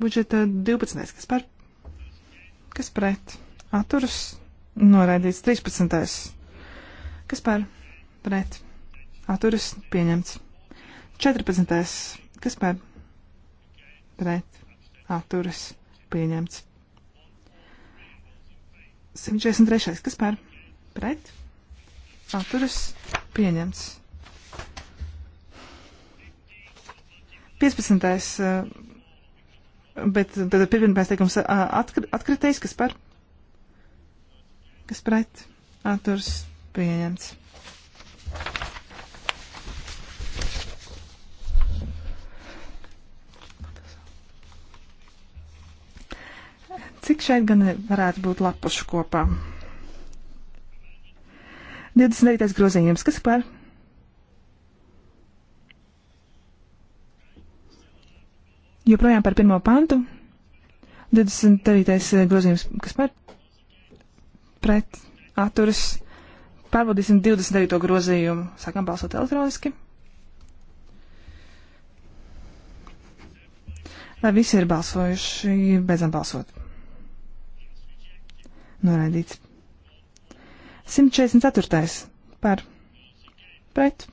Budžeta 12. Kas par? Kas pret? Atturas noraidīts. 13. Kas par? Pret. Atturas pieņemts. 14. Kas par? Pret. Atturas pieņemts. 143. Kas par? Pret? Atturas pieņemts. 15. Eh, bet tad pirmais teikums eh, atkri, atkritējis, kas par? Kas pret? Atturs pieņemts. Cik šeit gan varētu būt lapušu kopā? 29. grozījums, kas par? Joprojām par pirmo pantu. 29. grozījums, kas par? Pret atturas. Pārbaudīsim 29. grozījumu. Sākam balsot elektroniski. Vai visi ir balsojuši? Beidzam balsot. Noraidīts. 144. par pret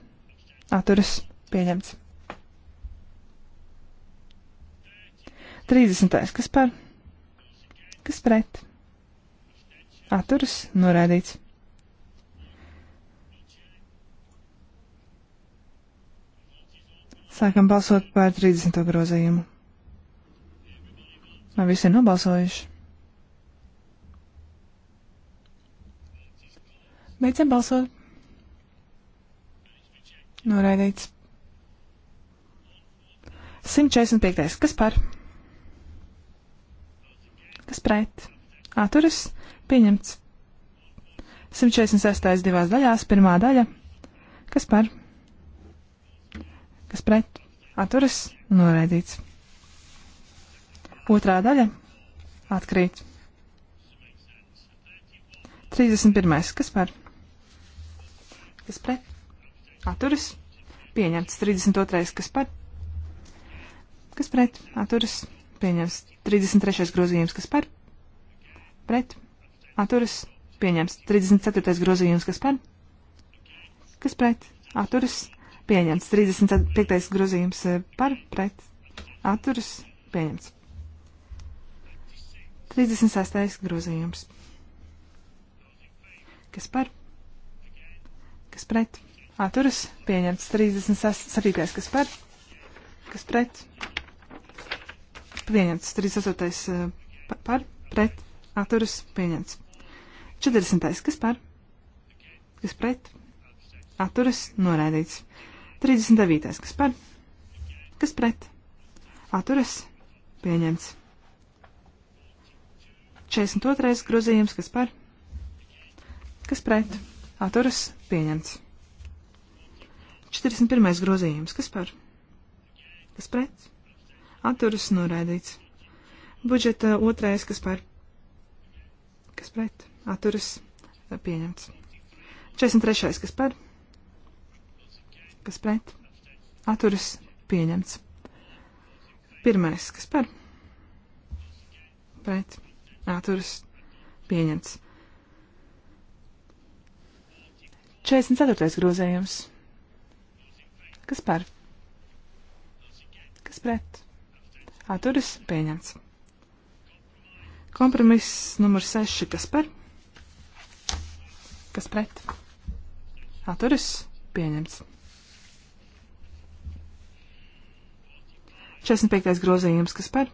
atturas pieņemts. 30. kas par kas pret atturas noraidīts. Sākam balsot par 30. grozījumu. Vai visi ir nobalsojuši? Beidzam balsot. Noraidīts. 145. Kas par? Kas pret? Atturis. Pieņemts. 146. divās daļās. Pirmā daļa. Kas par? Kas pret? Atturis. Noraidīts. Otrā daļa. Atkrīt. 31. Kas par? kas pret, atturas, pieņemts 32. kas par, kas pret, atturas, pieņemts 33. grozījums, kas par, pret, atturas, pieņemts 34. grozījums, kas par, kas pret, atturas, pieņemts 35. grozījums eh, par, pret, atturas, pieņemts. 36. grozījums. Kas par? kas pret, atturas, pieņemts 37. kas par, kas pret, pieņemts 38. Eh, par, pret, atturas, pieņemts 40. kas par, kas pret, atturas, noraidīts 39. kas par, kas pret, atturas, pieņemts 42. grozījums, kas par, kas pret, atturas, pieņemts. 41. grozījums. Kas par? Kas pret? Atturas noraidīts. Budžeta otrais, kas par? Kas pret? Atturas pieņemts. 43. kas par? Kas pret? Atturas pieņemts. Pirmais, kas par? Pret. Atturas pieņemts. 44. grozējums. Kas par? Kas pret? Atturis pieņemts. Kompromiss numur 6. Kas par? Kas pret? Atturis pieņemts. 45. grozījums. Kas par?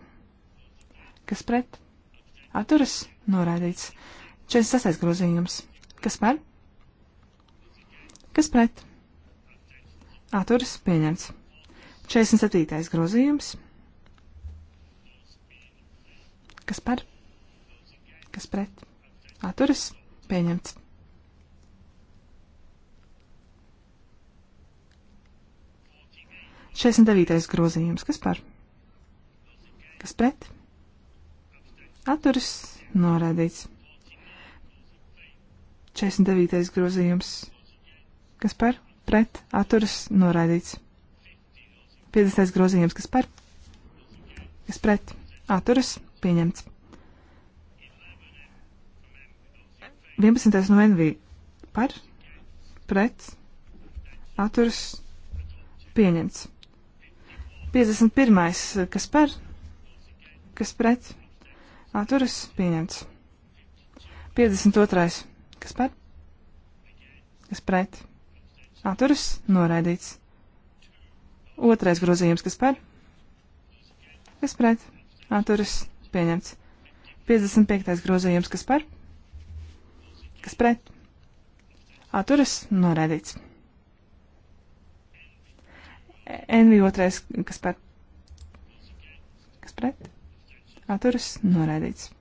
Kas pret? Atturis noraidīts. 46. grozījums. Kas par? Kas pret? Atturas pieņemts. 47. grozījums. Kas par? Kas pret? Atturas pieņemts. Šeisdesmit devītais grozījums. Kas par? Kas pret? Atturis norādīts. 49. grozījums kas par pret atturas noraidīts. 50. grozījums, kas par, kas pret atturas pieņemts. 11. no NV par, pret atturas pieņemts. 51. kas par, kas pret atturas pieņemts. 52. kas par, kas pret atturas pieņemts. Atturas noraidīts. Otrais grozījums, kas par? Kas pret? Atturas pieņemts. 55. grozījums, kas par? Kas pret? Atturas noraidīts. NV2, kas par? Kas pret? Atturas noraidīts.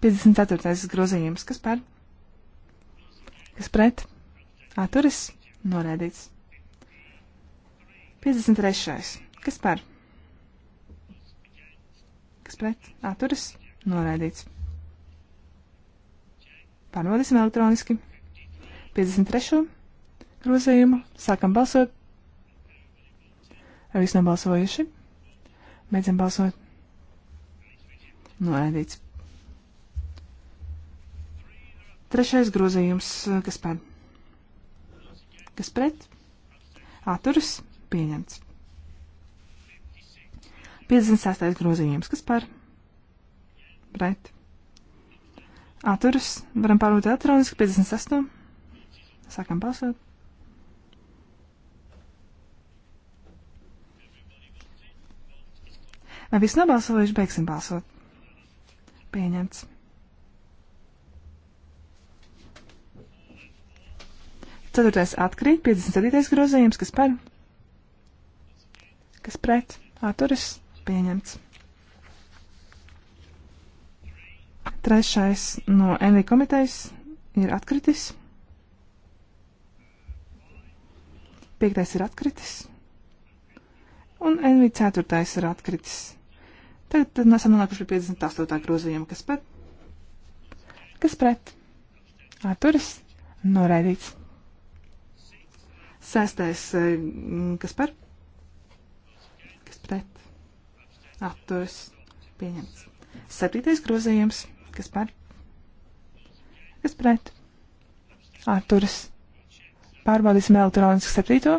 54. grozījums, kas par? kas pret, atturas, noraidīts. 53. kas par, kas pret, atturas, noraidīts. Pārbaudīsim elektroniski. 53. grozījumu sākam balsot. Vai viss nobalsojuši? Beidzam balsot. Noraidīts. Trešais grozījums, eh, kas par? Kas pret? Atturas pieņemts. 56. grozījums, kas par? Pret. Atturas. Varam pārūt elektroniski 58. Sākam balsot. Vai viss nobalsojuši? Beigsim balsot. Pieņemts. 54. atkrīt, 57. grozījums, kas par, kas pret, atturas, pieņemts. Trešais no NV komitejas ir atkritis. Piektais ir atkritis. Un NV ceturtais ir atkritis. Tagad tad esam nonākuši pie 58. grozījuma, kas par, kas pret, atturas, noraidīts. Sestais, eh, mm, kas par? Kas pret? Atturas pieņemts. Septītais grozījums, kas par? Kas pret? Atturas. Pārbaudīsim elektroniski septīto.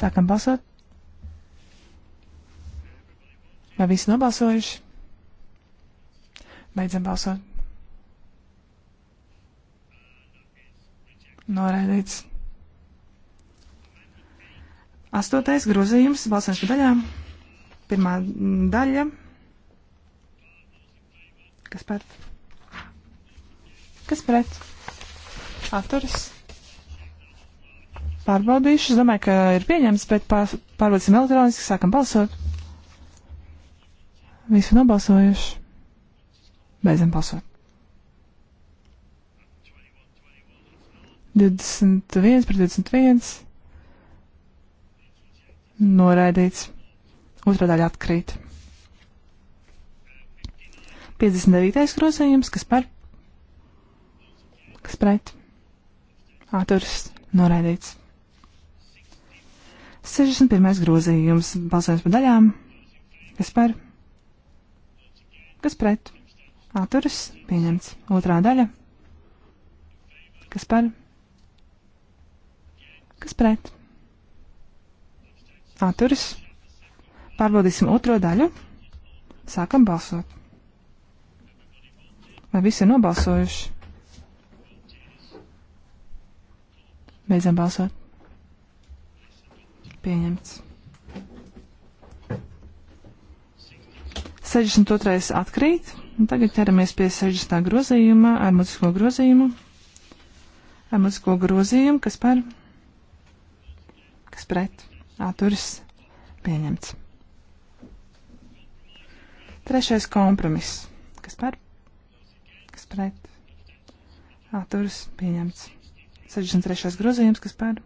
Sākam balsot. Vai visi nobalsojuši? Beidzam balsot. Noraidīts. Astotais grozījums balsojums par daļām. Pirmā daļa. Kas pret? Kas pret? Atturis. Pārbaudīšu. Es domāju, ka ir pieņemts, bet pārbaudīsim elektroniski. Sākam balsot. Visi nobalsojuši. Beidzam balsot. 21 pret 21. Noraidīts. Otra daļa atkrīt. 59. grozījums, kas par? Kas pret? Atturs. Noraidīts. 61. grozījums. Balsojums par daļām. Kas par? Kas pret? Atturas. Pieņemts. Otrā daļa. Kas par? Kas pret? atturas. Pārbaudīsim otro daļu. Sākam balsot. Vai visi ir nobalsojuši? Beidzam balsot. Pieņemts. 62. atkrīt, un tagad ķeramies pie 60. grozījuma ar muziko grozījumu. Ar muziko grozījumu, kas par? Kas pret? atturas pieņemts. Trešais kompromiss. Kas par? Kas pret? Atturas pieņemts. 63. grozījums, kas par?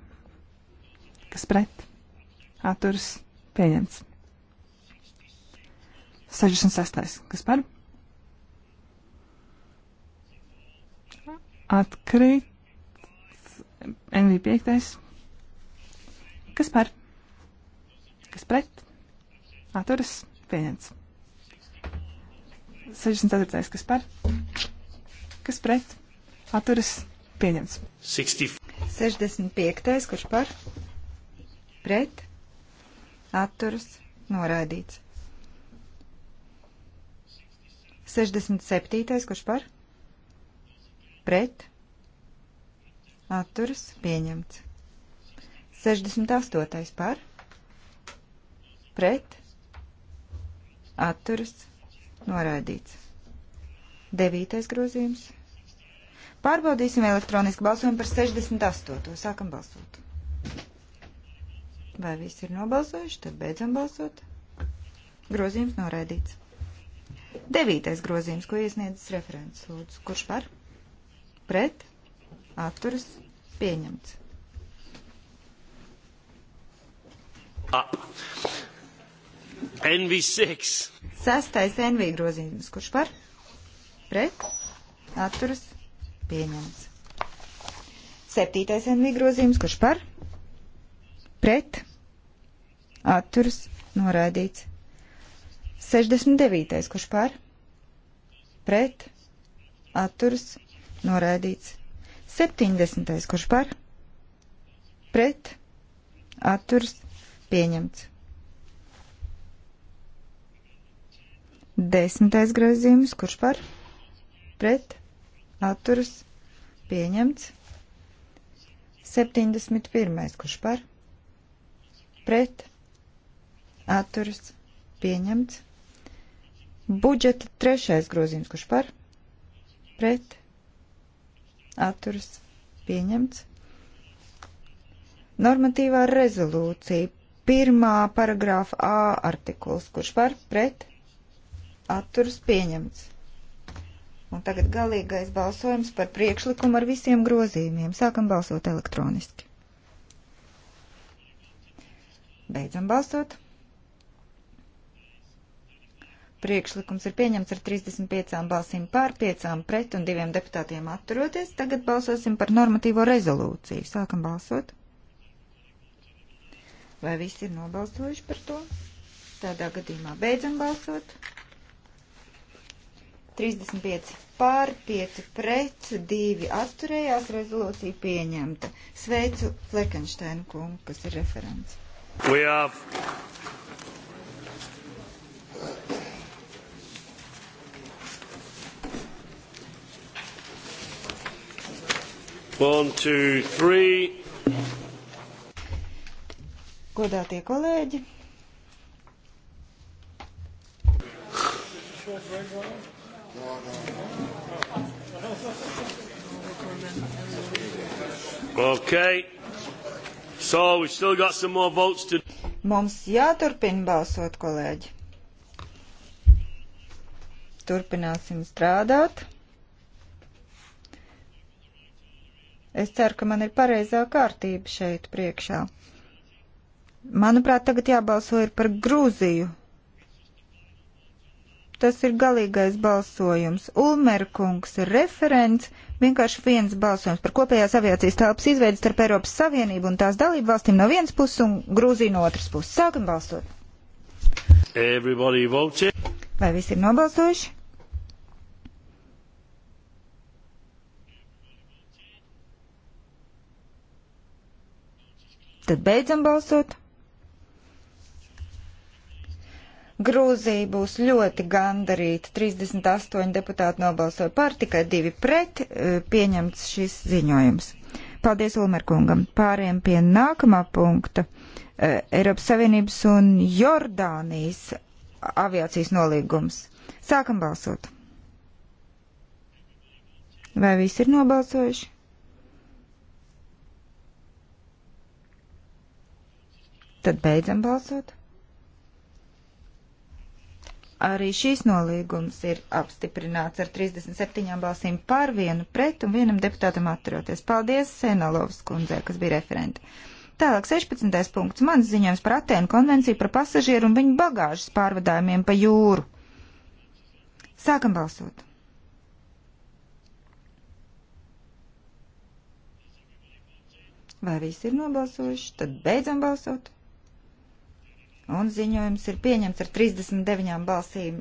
Kas pret? Atturas pieņemts. 66. Kas par? Atkrīt. NV5. Kas par? kas pret, atturas, pieņemts. 64. kas par, kas pret, atturas, pieņemts. 65. kurš par, pret, atturas, noraidīts. 67. kurš par, pret, atturas, pieņemts. 68. par, pret, atturas, noraidīts. Devītais grozījums. Pārbaudīsim elektroniski balsojumu par 68. Sākam balsot. Vai visi ir nobalsojuši, tad beidzam balsot. Grozījums noraidīts. Devītais grozījums, ko iesniedzis referents, lūdzu. Kurš par? Pret? Atturas? Pieņemts. Ah. NV6. Sastais NV grozījums. Kurš par? Pret? Atturas? Pieņemts. Septītais NV grozījums. Kurš par? Pret? Atturas? Noraidīts. 69. Kurš par? Pret? Atturas? Noraidīts. 70. Kurš par? Pret? Atturas? Pieņemts. Desmitais grozījums, kurš par pret atturas pieņemts. 71. kurš par pret atturas pieņemts. Budžeta trešais grozījums, kurš par pret atturas pieņemts. Normatīvā rezolūcija pirmā paragrāfa A artikuls, kurš par pret atturas pieņemts. Un tagad galīgais balsojums par priekšlikumu ar visiem grozījumiem. Sākam balsot elektroniski. Beidzam balsot. Priekšlikums ir pieņemts ar 35 balsīm pār, 5 pret un 2 deputātiem atturoties. Tagad balsosim par normatīvo rezolūciju. Sākam balsot. Vai visi ir nobalsojuši par to? Tādā gadījumā beidzam balsot. 35 pār, 5 pret, 2 atturējās, rezolūcija pieņemta. Sveicu Fleckensteinu kungu, kas ir referents. We are... One, two, three. Godātie kolēģi. Short break, Okay. So we still got some more votes to Mums jāturpina balsot, kolēģi. Turpināsim strādāt. Es ceru, ka man ir pareizā kārtība šeit priekšā. Manuprāt, tagad jābalso ir par Grūziju Tas ir galīgais balsojums. Ulmerkungs ir referents, vienkārši viens balsojums par kopējās aviācijas telpas izveidi starp Eiropas Savienību un tās dalību valstīm no vienas puses un Grūziju no otras puses. Sākam balsot! Vai visi ir nobalsojuši? Tad beidzam balsot. Grūzija būs ļoti gandarīta. 38 deputāti nobalsoja par, tikai divi pret e, pieņemts šis ziņojums. Paldies Ulmerkungam. Pāriem pie nākamā punkta. E, Eiropas Savienības un Jordānijas aviācijas nolīgums. Sākam balsot. Vai visi ir nobalsojuši? Tad beidzam balsot. Arī šīs nolīgums ir apstiprināts ar 37 balsīm par vienu pret un vienam deputātam atturoties. Paldies Senalovas kundzē, kas bija referente. Tālāk 16. punkts. Mans ziņojums par Atēnu konvenciju par pasažieru un viņu bagāžas pārvadājumiem pa jūru. Sākam balsot. Vai visi ir nobalsojuši? Tad beidzam balsot. Un ziņojums ir pieņemts ar 39 balsīm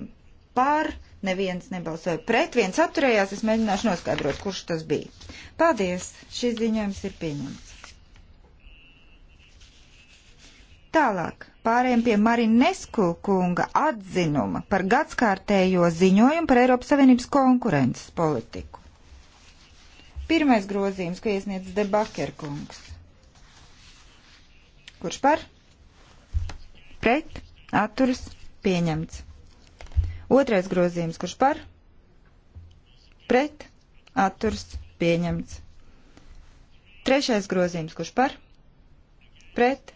par, neviens nebalsoja pret, viens atturējās. Es mēģināšu noskaidrot, kurš tas bija. Paldies! Šis ziņojums ir pieņemts. Tālāk pārējiem pie Marinesku kunga atzinuma par gadskārtējo ziņojumu par Eiropas Savienības konkurences politiku. Pirmais grozījums, ko iesniedz Debaker kungs. Kurš par? pret, atturas, pieņemts. Otrais grozījums, kurš par, pret, atturas, pieņemts. Trešais grozījums, kurš par, pret,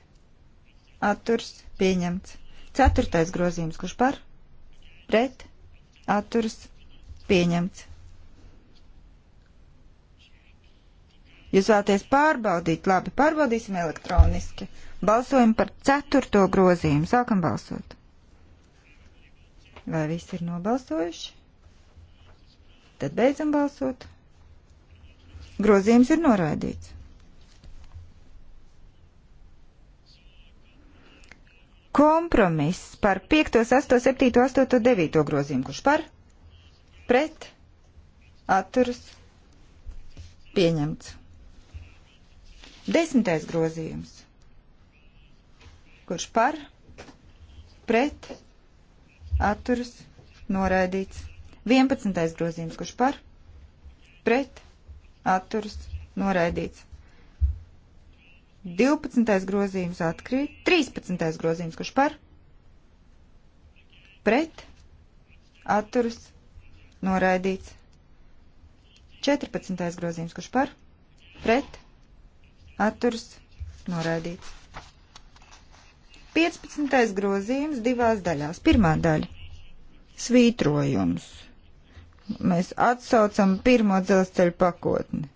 atturas, pieņemts. Ceturtais grozījums, kurš par, pret, atturas, pieņemts. Jūs vēlaties pārbaudīt? Labi, pārbaudīsim elektroniski. Balsojam par ceturto grozījumu. Sākam balsot. Vai visi ir nobalsojuši? Tad beidzam balsot. Grozījums ir noraidīts. Kompromiss par 5, 6, 7, 8, 9 grozījumu. Kurš par? Pret? Atturas? Pieņemts. Desmitais grozījums. Kurš par, pret, atturas, noraidīts. Vienpadsmitais grozījums. Kurš par, pret, atturas, noraidīts. 12. grozījums atkrīt, 13. grozījums, kurš par, pret, atturas, noraidīts. 14. grozījums, kurš par, pret, atturs noraidīts. 15. grozījums divās daļās. Pirmā daļa - svītrojums. Mēs atsaucam pirmo dzelzceļu pakotni.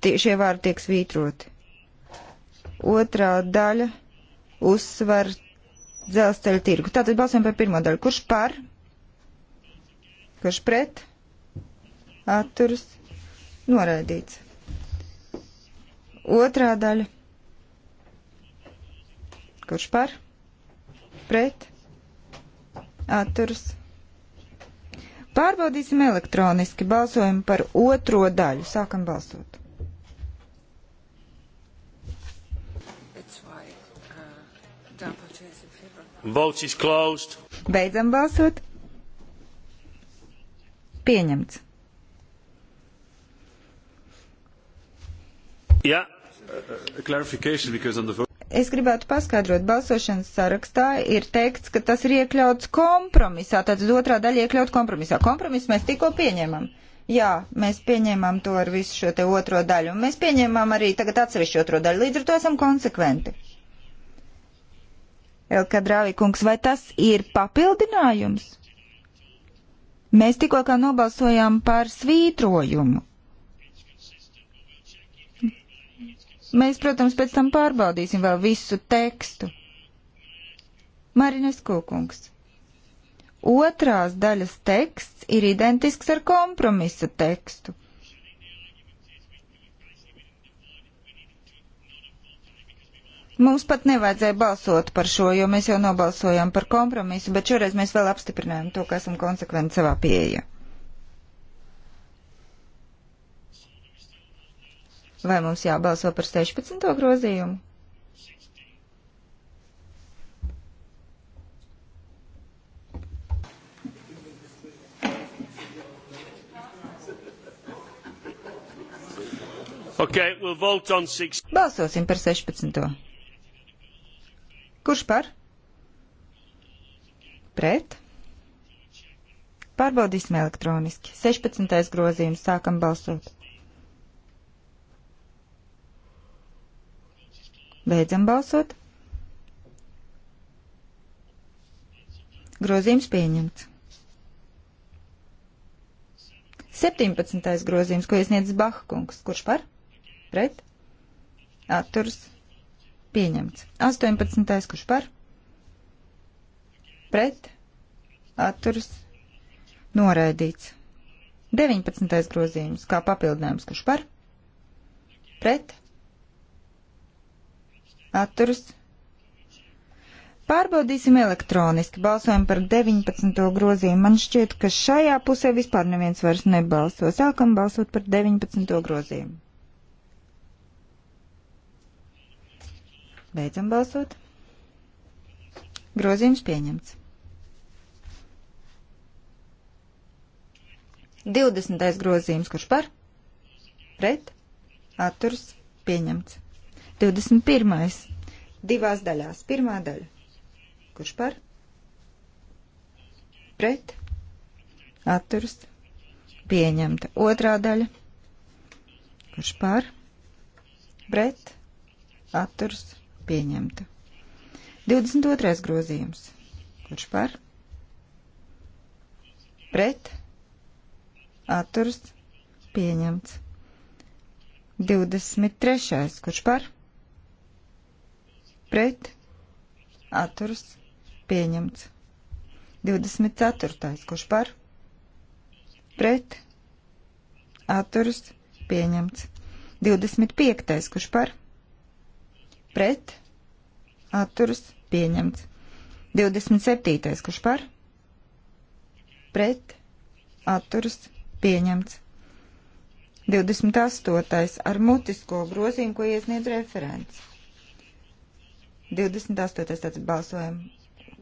Tie, šie vārdi tiek svītroti. Otrā daļa - uzsver dzelzceļa tirgu. Tātad balsojam par pirmo daļu. Kurš par? Kurš pret? Atturs noraidīts. Otrā daļa. Kurš par? Pret? Atturs. Pārbaudīsim elektroniski. Balsojam par otro daļu. Sākam balsot. Uh, Vote is closed. Beidzam balsot. Pieņemts. Yeah. Uh, uh, the... Es gribētu paskaidrot, balsošanas sarakstā ir teikts, ka tas ir iekļauts kompromisā, tātad otrā daļa iekļaut kompromisā. Kompromisu mēs tikko pieņemam. Jā, mēs pieņēmām to ar visu šo te otro daļu, un mēs pieņēmām arī tagad atsevišķu otro daļu, līdz ar to esam konsekventi. Elka Drāvīkungs, vai tas ir papildinājums? Mēs tikko kā nobalsojām par svītrojumu. Mēs, protams, pēc tam pārbaudīsim vēl visu tekstu. Marines Kūkungs. Otrās daļas teksts ir identisks ar kompromisa tekstu. Mums pat nevajadzēja balsot par šo, jo mēs jau nobalsojām par kompromisu, bet šoreiz mēs vēl apstiprinājām to, ka esam konsekventi savā pieeja. Vai mums jābalso par 16. grozījumu? Okay, we'll vote on six... Balsosim par 16. Kurš par? Pret? Pārbaudīsim elektroniski. 16. grozījums. Sākam balsot. Beidzam balsot. Grozījums pieņemts. 17. grozījums, ko iesniedz Bahkungs. Kurš par? Pret? Atturs. Pieņemts. 18. kurš par? Pret? Atturs. Noraidīts. 19. grozījums, kā papildinājums, kurš par? Pret? Atturas. Pārbaudīsim elektroniski. Balsojam par 19. grozījumu. Man šķiet, ka šajā pusē vispār neviens vairs nebalso. Sākam balsot par 19. grozījumu. Beidzam balsot. Grozījums pieņemts. 20. grozījums, kurš par? Pret? Atturs pieņemts. 21. divās daļās. Pirmā daļa. Kurš par? Pret. Atturs. Pieņemta. Otrā daļa. Kurš par? Pret. Atturs. Pieņemta. 22. grozījums. Kurš par? Pret. Atturs. Pieņemts. 23. Kurš par? pret atturas pieņemts. 24. kurš par pret atturas pieņemts. 25. kurš par pret atturas pieņemts. 27. kurš par pret atturas pieņemts. 28. ar mutisko grozījumu, ko iesniedz referents 28. tāds balsojam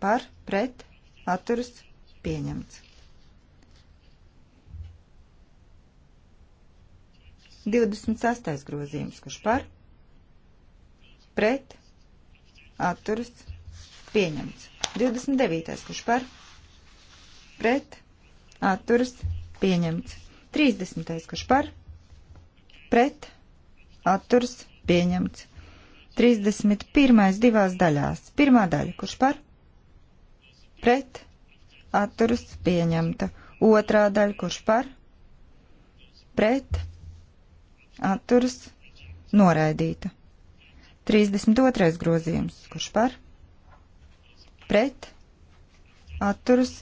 par, pret, atturas, pieņemts. 26. grozījums, kurš par, pret, atturas, pieņemts. 29. kurš par, pret, atturas, pieņemts. 30. kurš par, pret, atturas, pieņemts. 31. divās daļās. Pirmā daļa, kurš par? Pret. Atturas pieņemta. Otrā daļa, kurš par? Pret. Atturas noraidīta. 32. grozījums, kurš par? Pret. Atturas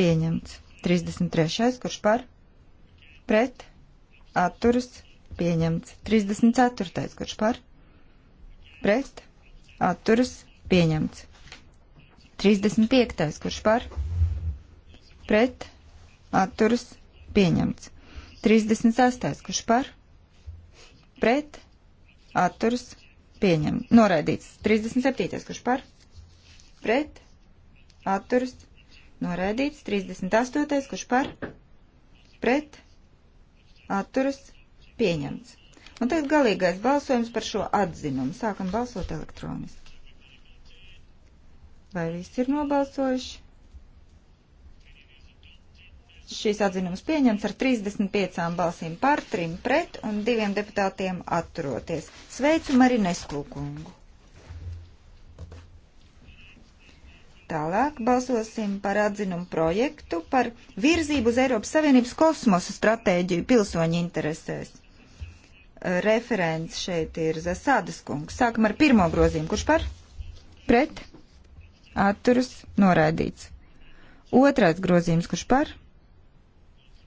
pieņemts. 33. kurš par? Pret. Atturas pieņemts. 34. kurš par? pret, atturas, pieņemts. 35. kurš par, pret, atturas, pieņemts. 36. kurš par, pret, atturas, pieņemts. Noraidīts. 37. kurš par, pret, atturas, noraidīts. 38. kurš par, pret, atturas, pieņemts. Un tagad galīgais balsojums par šo atzinumu. Sākam balsot elektroniski. Vai viss ir nobalsojuši? Šīs atzinums pieņems ar 35 balsīm par, 3 pret un 2 deputātiem atturoties. Sveicu Marinesku kungu! Tālāk balsosim par atzinumu projektu par virzību uz Eiropas Savienības kosmosa stratēģiju pilsoņu interesēs. Referents šeit ir Zasādas kungs. Sākam ar pirmo grozījumu. Kurš par? Pret? Atturas? Noraidīts. Otrais grozījums. Kurš par?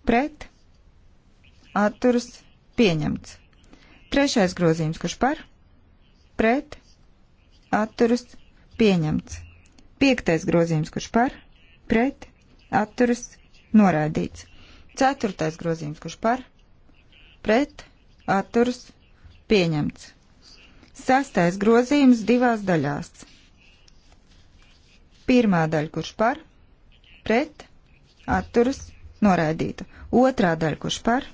Pret? Atturas? Pieņemts. Trešais grozījums. Kurš par? Pret? Atturas? Pieņemts. Piektais grozījums. Kurš par? Pret? Atturas? Noraidīts. Ceturtais grozījums, kurš par, pret, atturs pieņemts. Sastais grozījums divās daļās. Pirmā daļa, kurš par, pret, atturas, noraidīta. Otrā daļa, kurš par,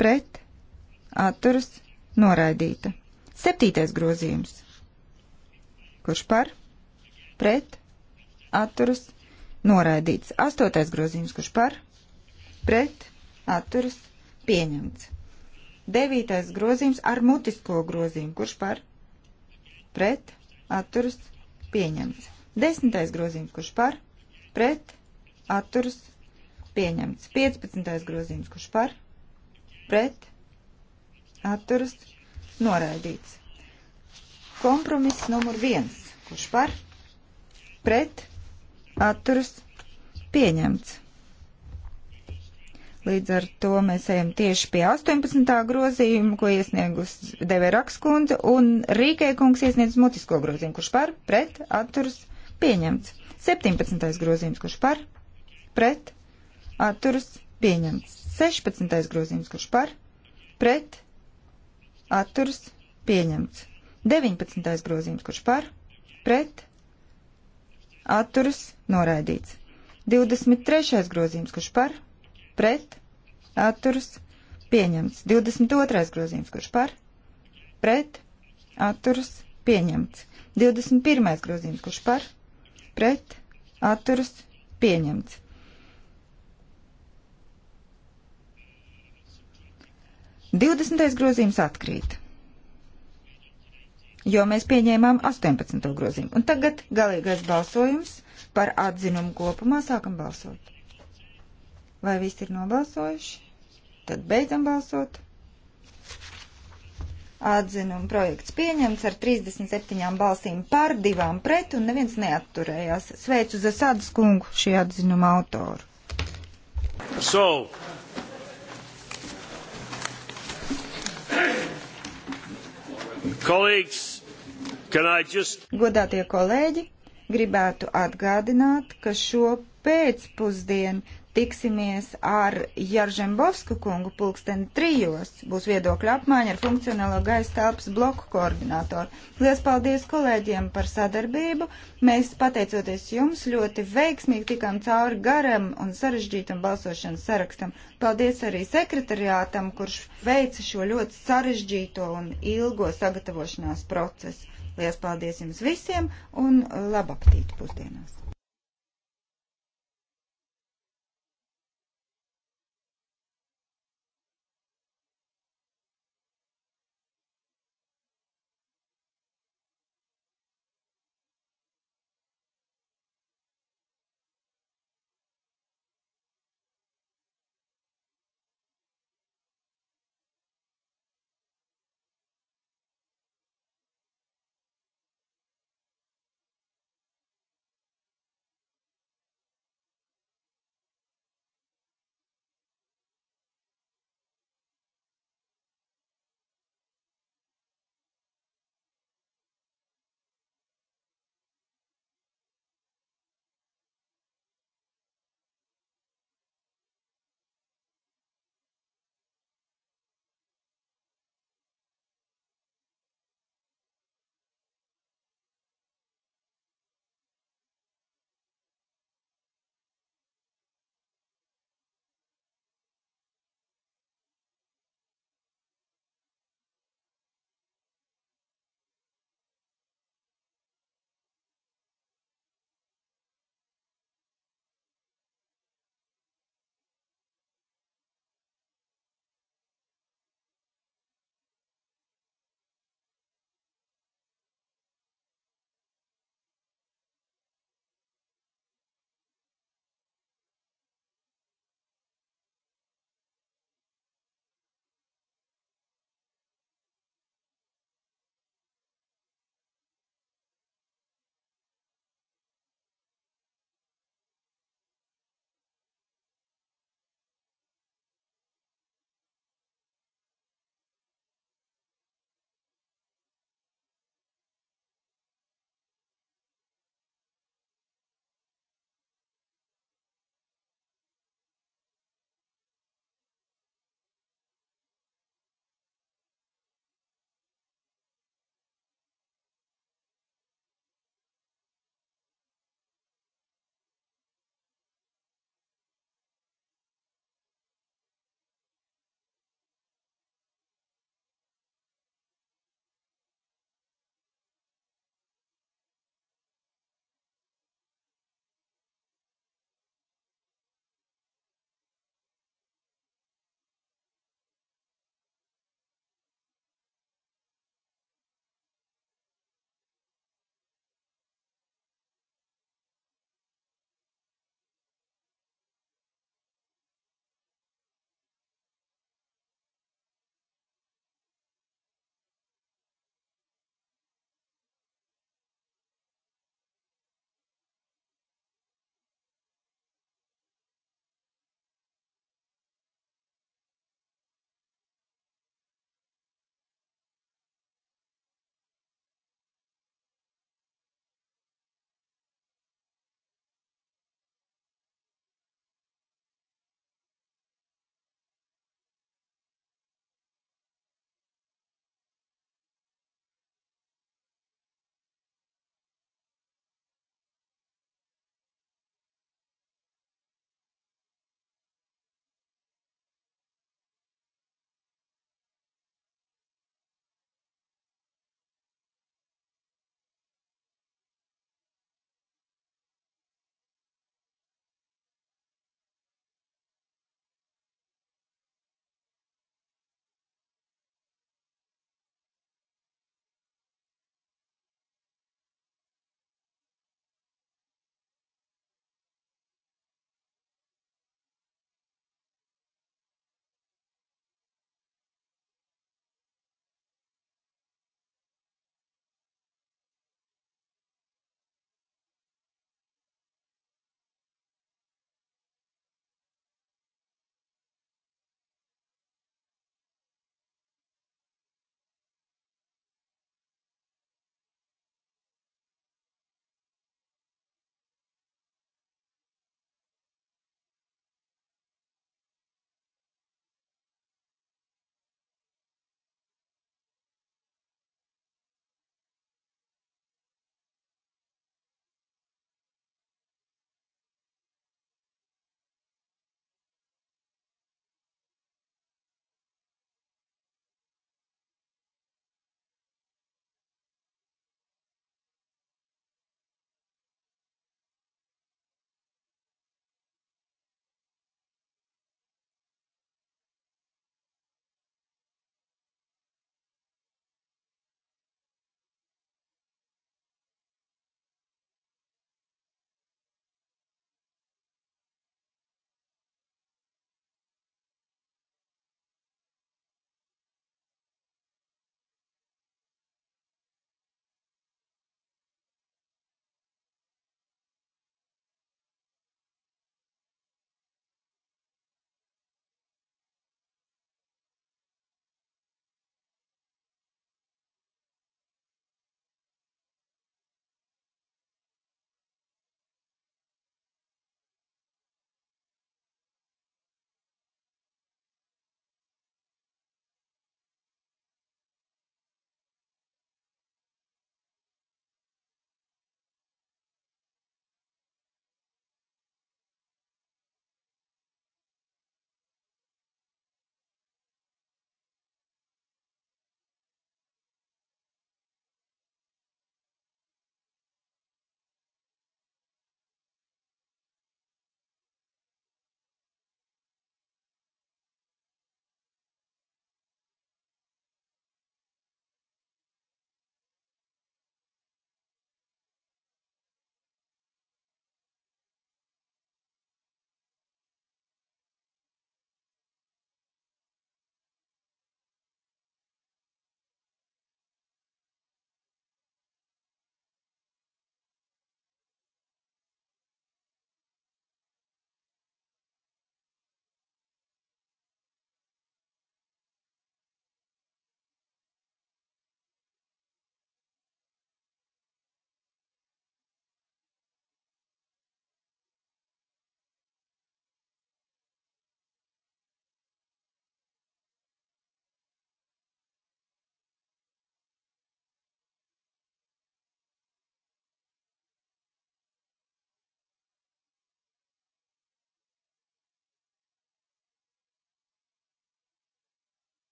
pret, atturas, noraidīta. Septītais grozījums. Kurš par, pret, atturas, noraidīts. Astotais grozījums, kurš par, pret, atturas, noraidīts Pieņemts. Devītais grozījums ar mutisko grozījumu. Kurš par? Pret. Atturas. Pieņemts. Desmitais grozījums. Kurš par? Pret. Atturas. Pieņemts. Piecpadsmitais grozījums. Kurš par? Pret. Atturas. Noraidīts. Kompromiss numur viens. Kurš par? Pret. Atturas. Pieņemts. Līdz ar to mēs ejam tieši pie 18. grozījuma, ko iesniegus Deveraks kundze, un Rīkē kungs iesniedz mutisko grozījumu, kurš par, pret, atturs, pieņemts. 17. grozījums, kurš par, pret, atturs, pieņemts. 16. grozījums, kurš par, pret, atturs, pieņemts. 19. grozījums, kurš par, pret, atturs, noraidīts. 23. grozījums, kurš par, pret, pret, atturas, pieņemts. 22. grozījums, kurš par, pret, atturas, pieņemts. 21. grozījums, kurš par, pret, atturas, pieņemts. Divdesmitais grozījums atkrīt, jo mēs pieņēmām 18. grozījumu. Un tagad galīgais balsojums par atzinumu kopumā sākam balsot. Vai visi ir nobalsojuši? Tad beidzam balsot. Atzinuma projekts pieņemts ar 37 balsīm par, divām pret un neviens neatturējās. Sveicu Zasadas kungu šī atzinuma autoru. So, Just... Godātie kolēģi, gribētu atgādināt, ka šo pēcpusdienu tiksimies ar Jaržembovsku kungu pulksteni trijos. Būs viedokļa apmaiņa ar funkcionālo gaisa telpas bloku koordinātoru. Lielas paldies kolēģiem par sadarbību. Mēs, pateicoties jums, ļoti veiksmīgi tikām cauri garam un sarežģītam balsošanas sarakstam. Paldies arī sekretariātam, kurš veica šo ļoti sarežģīto un ilgo sagatavošanās procesu. Lielas paldies jums visiem un labu apetīti pusdienās!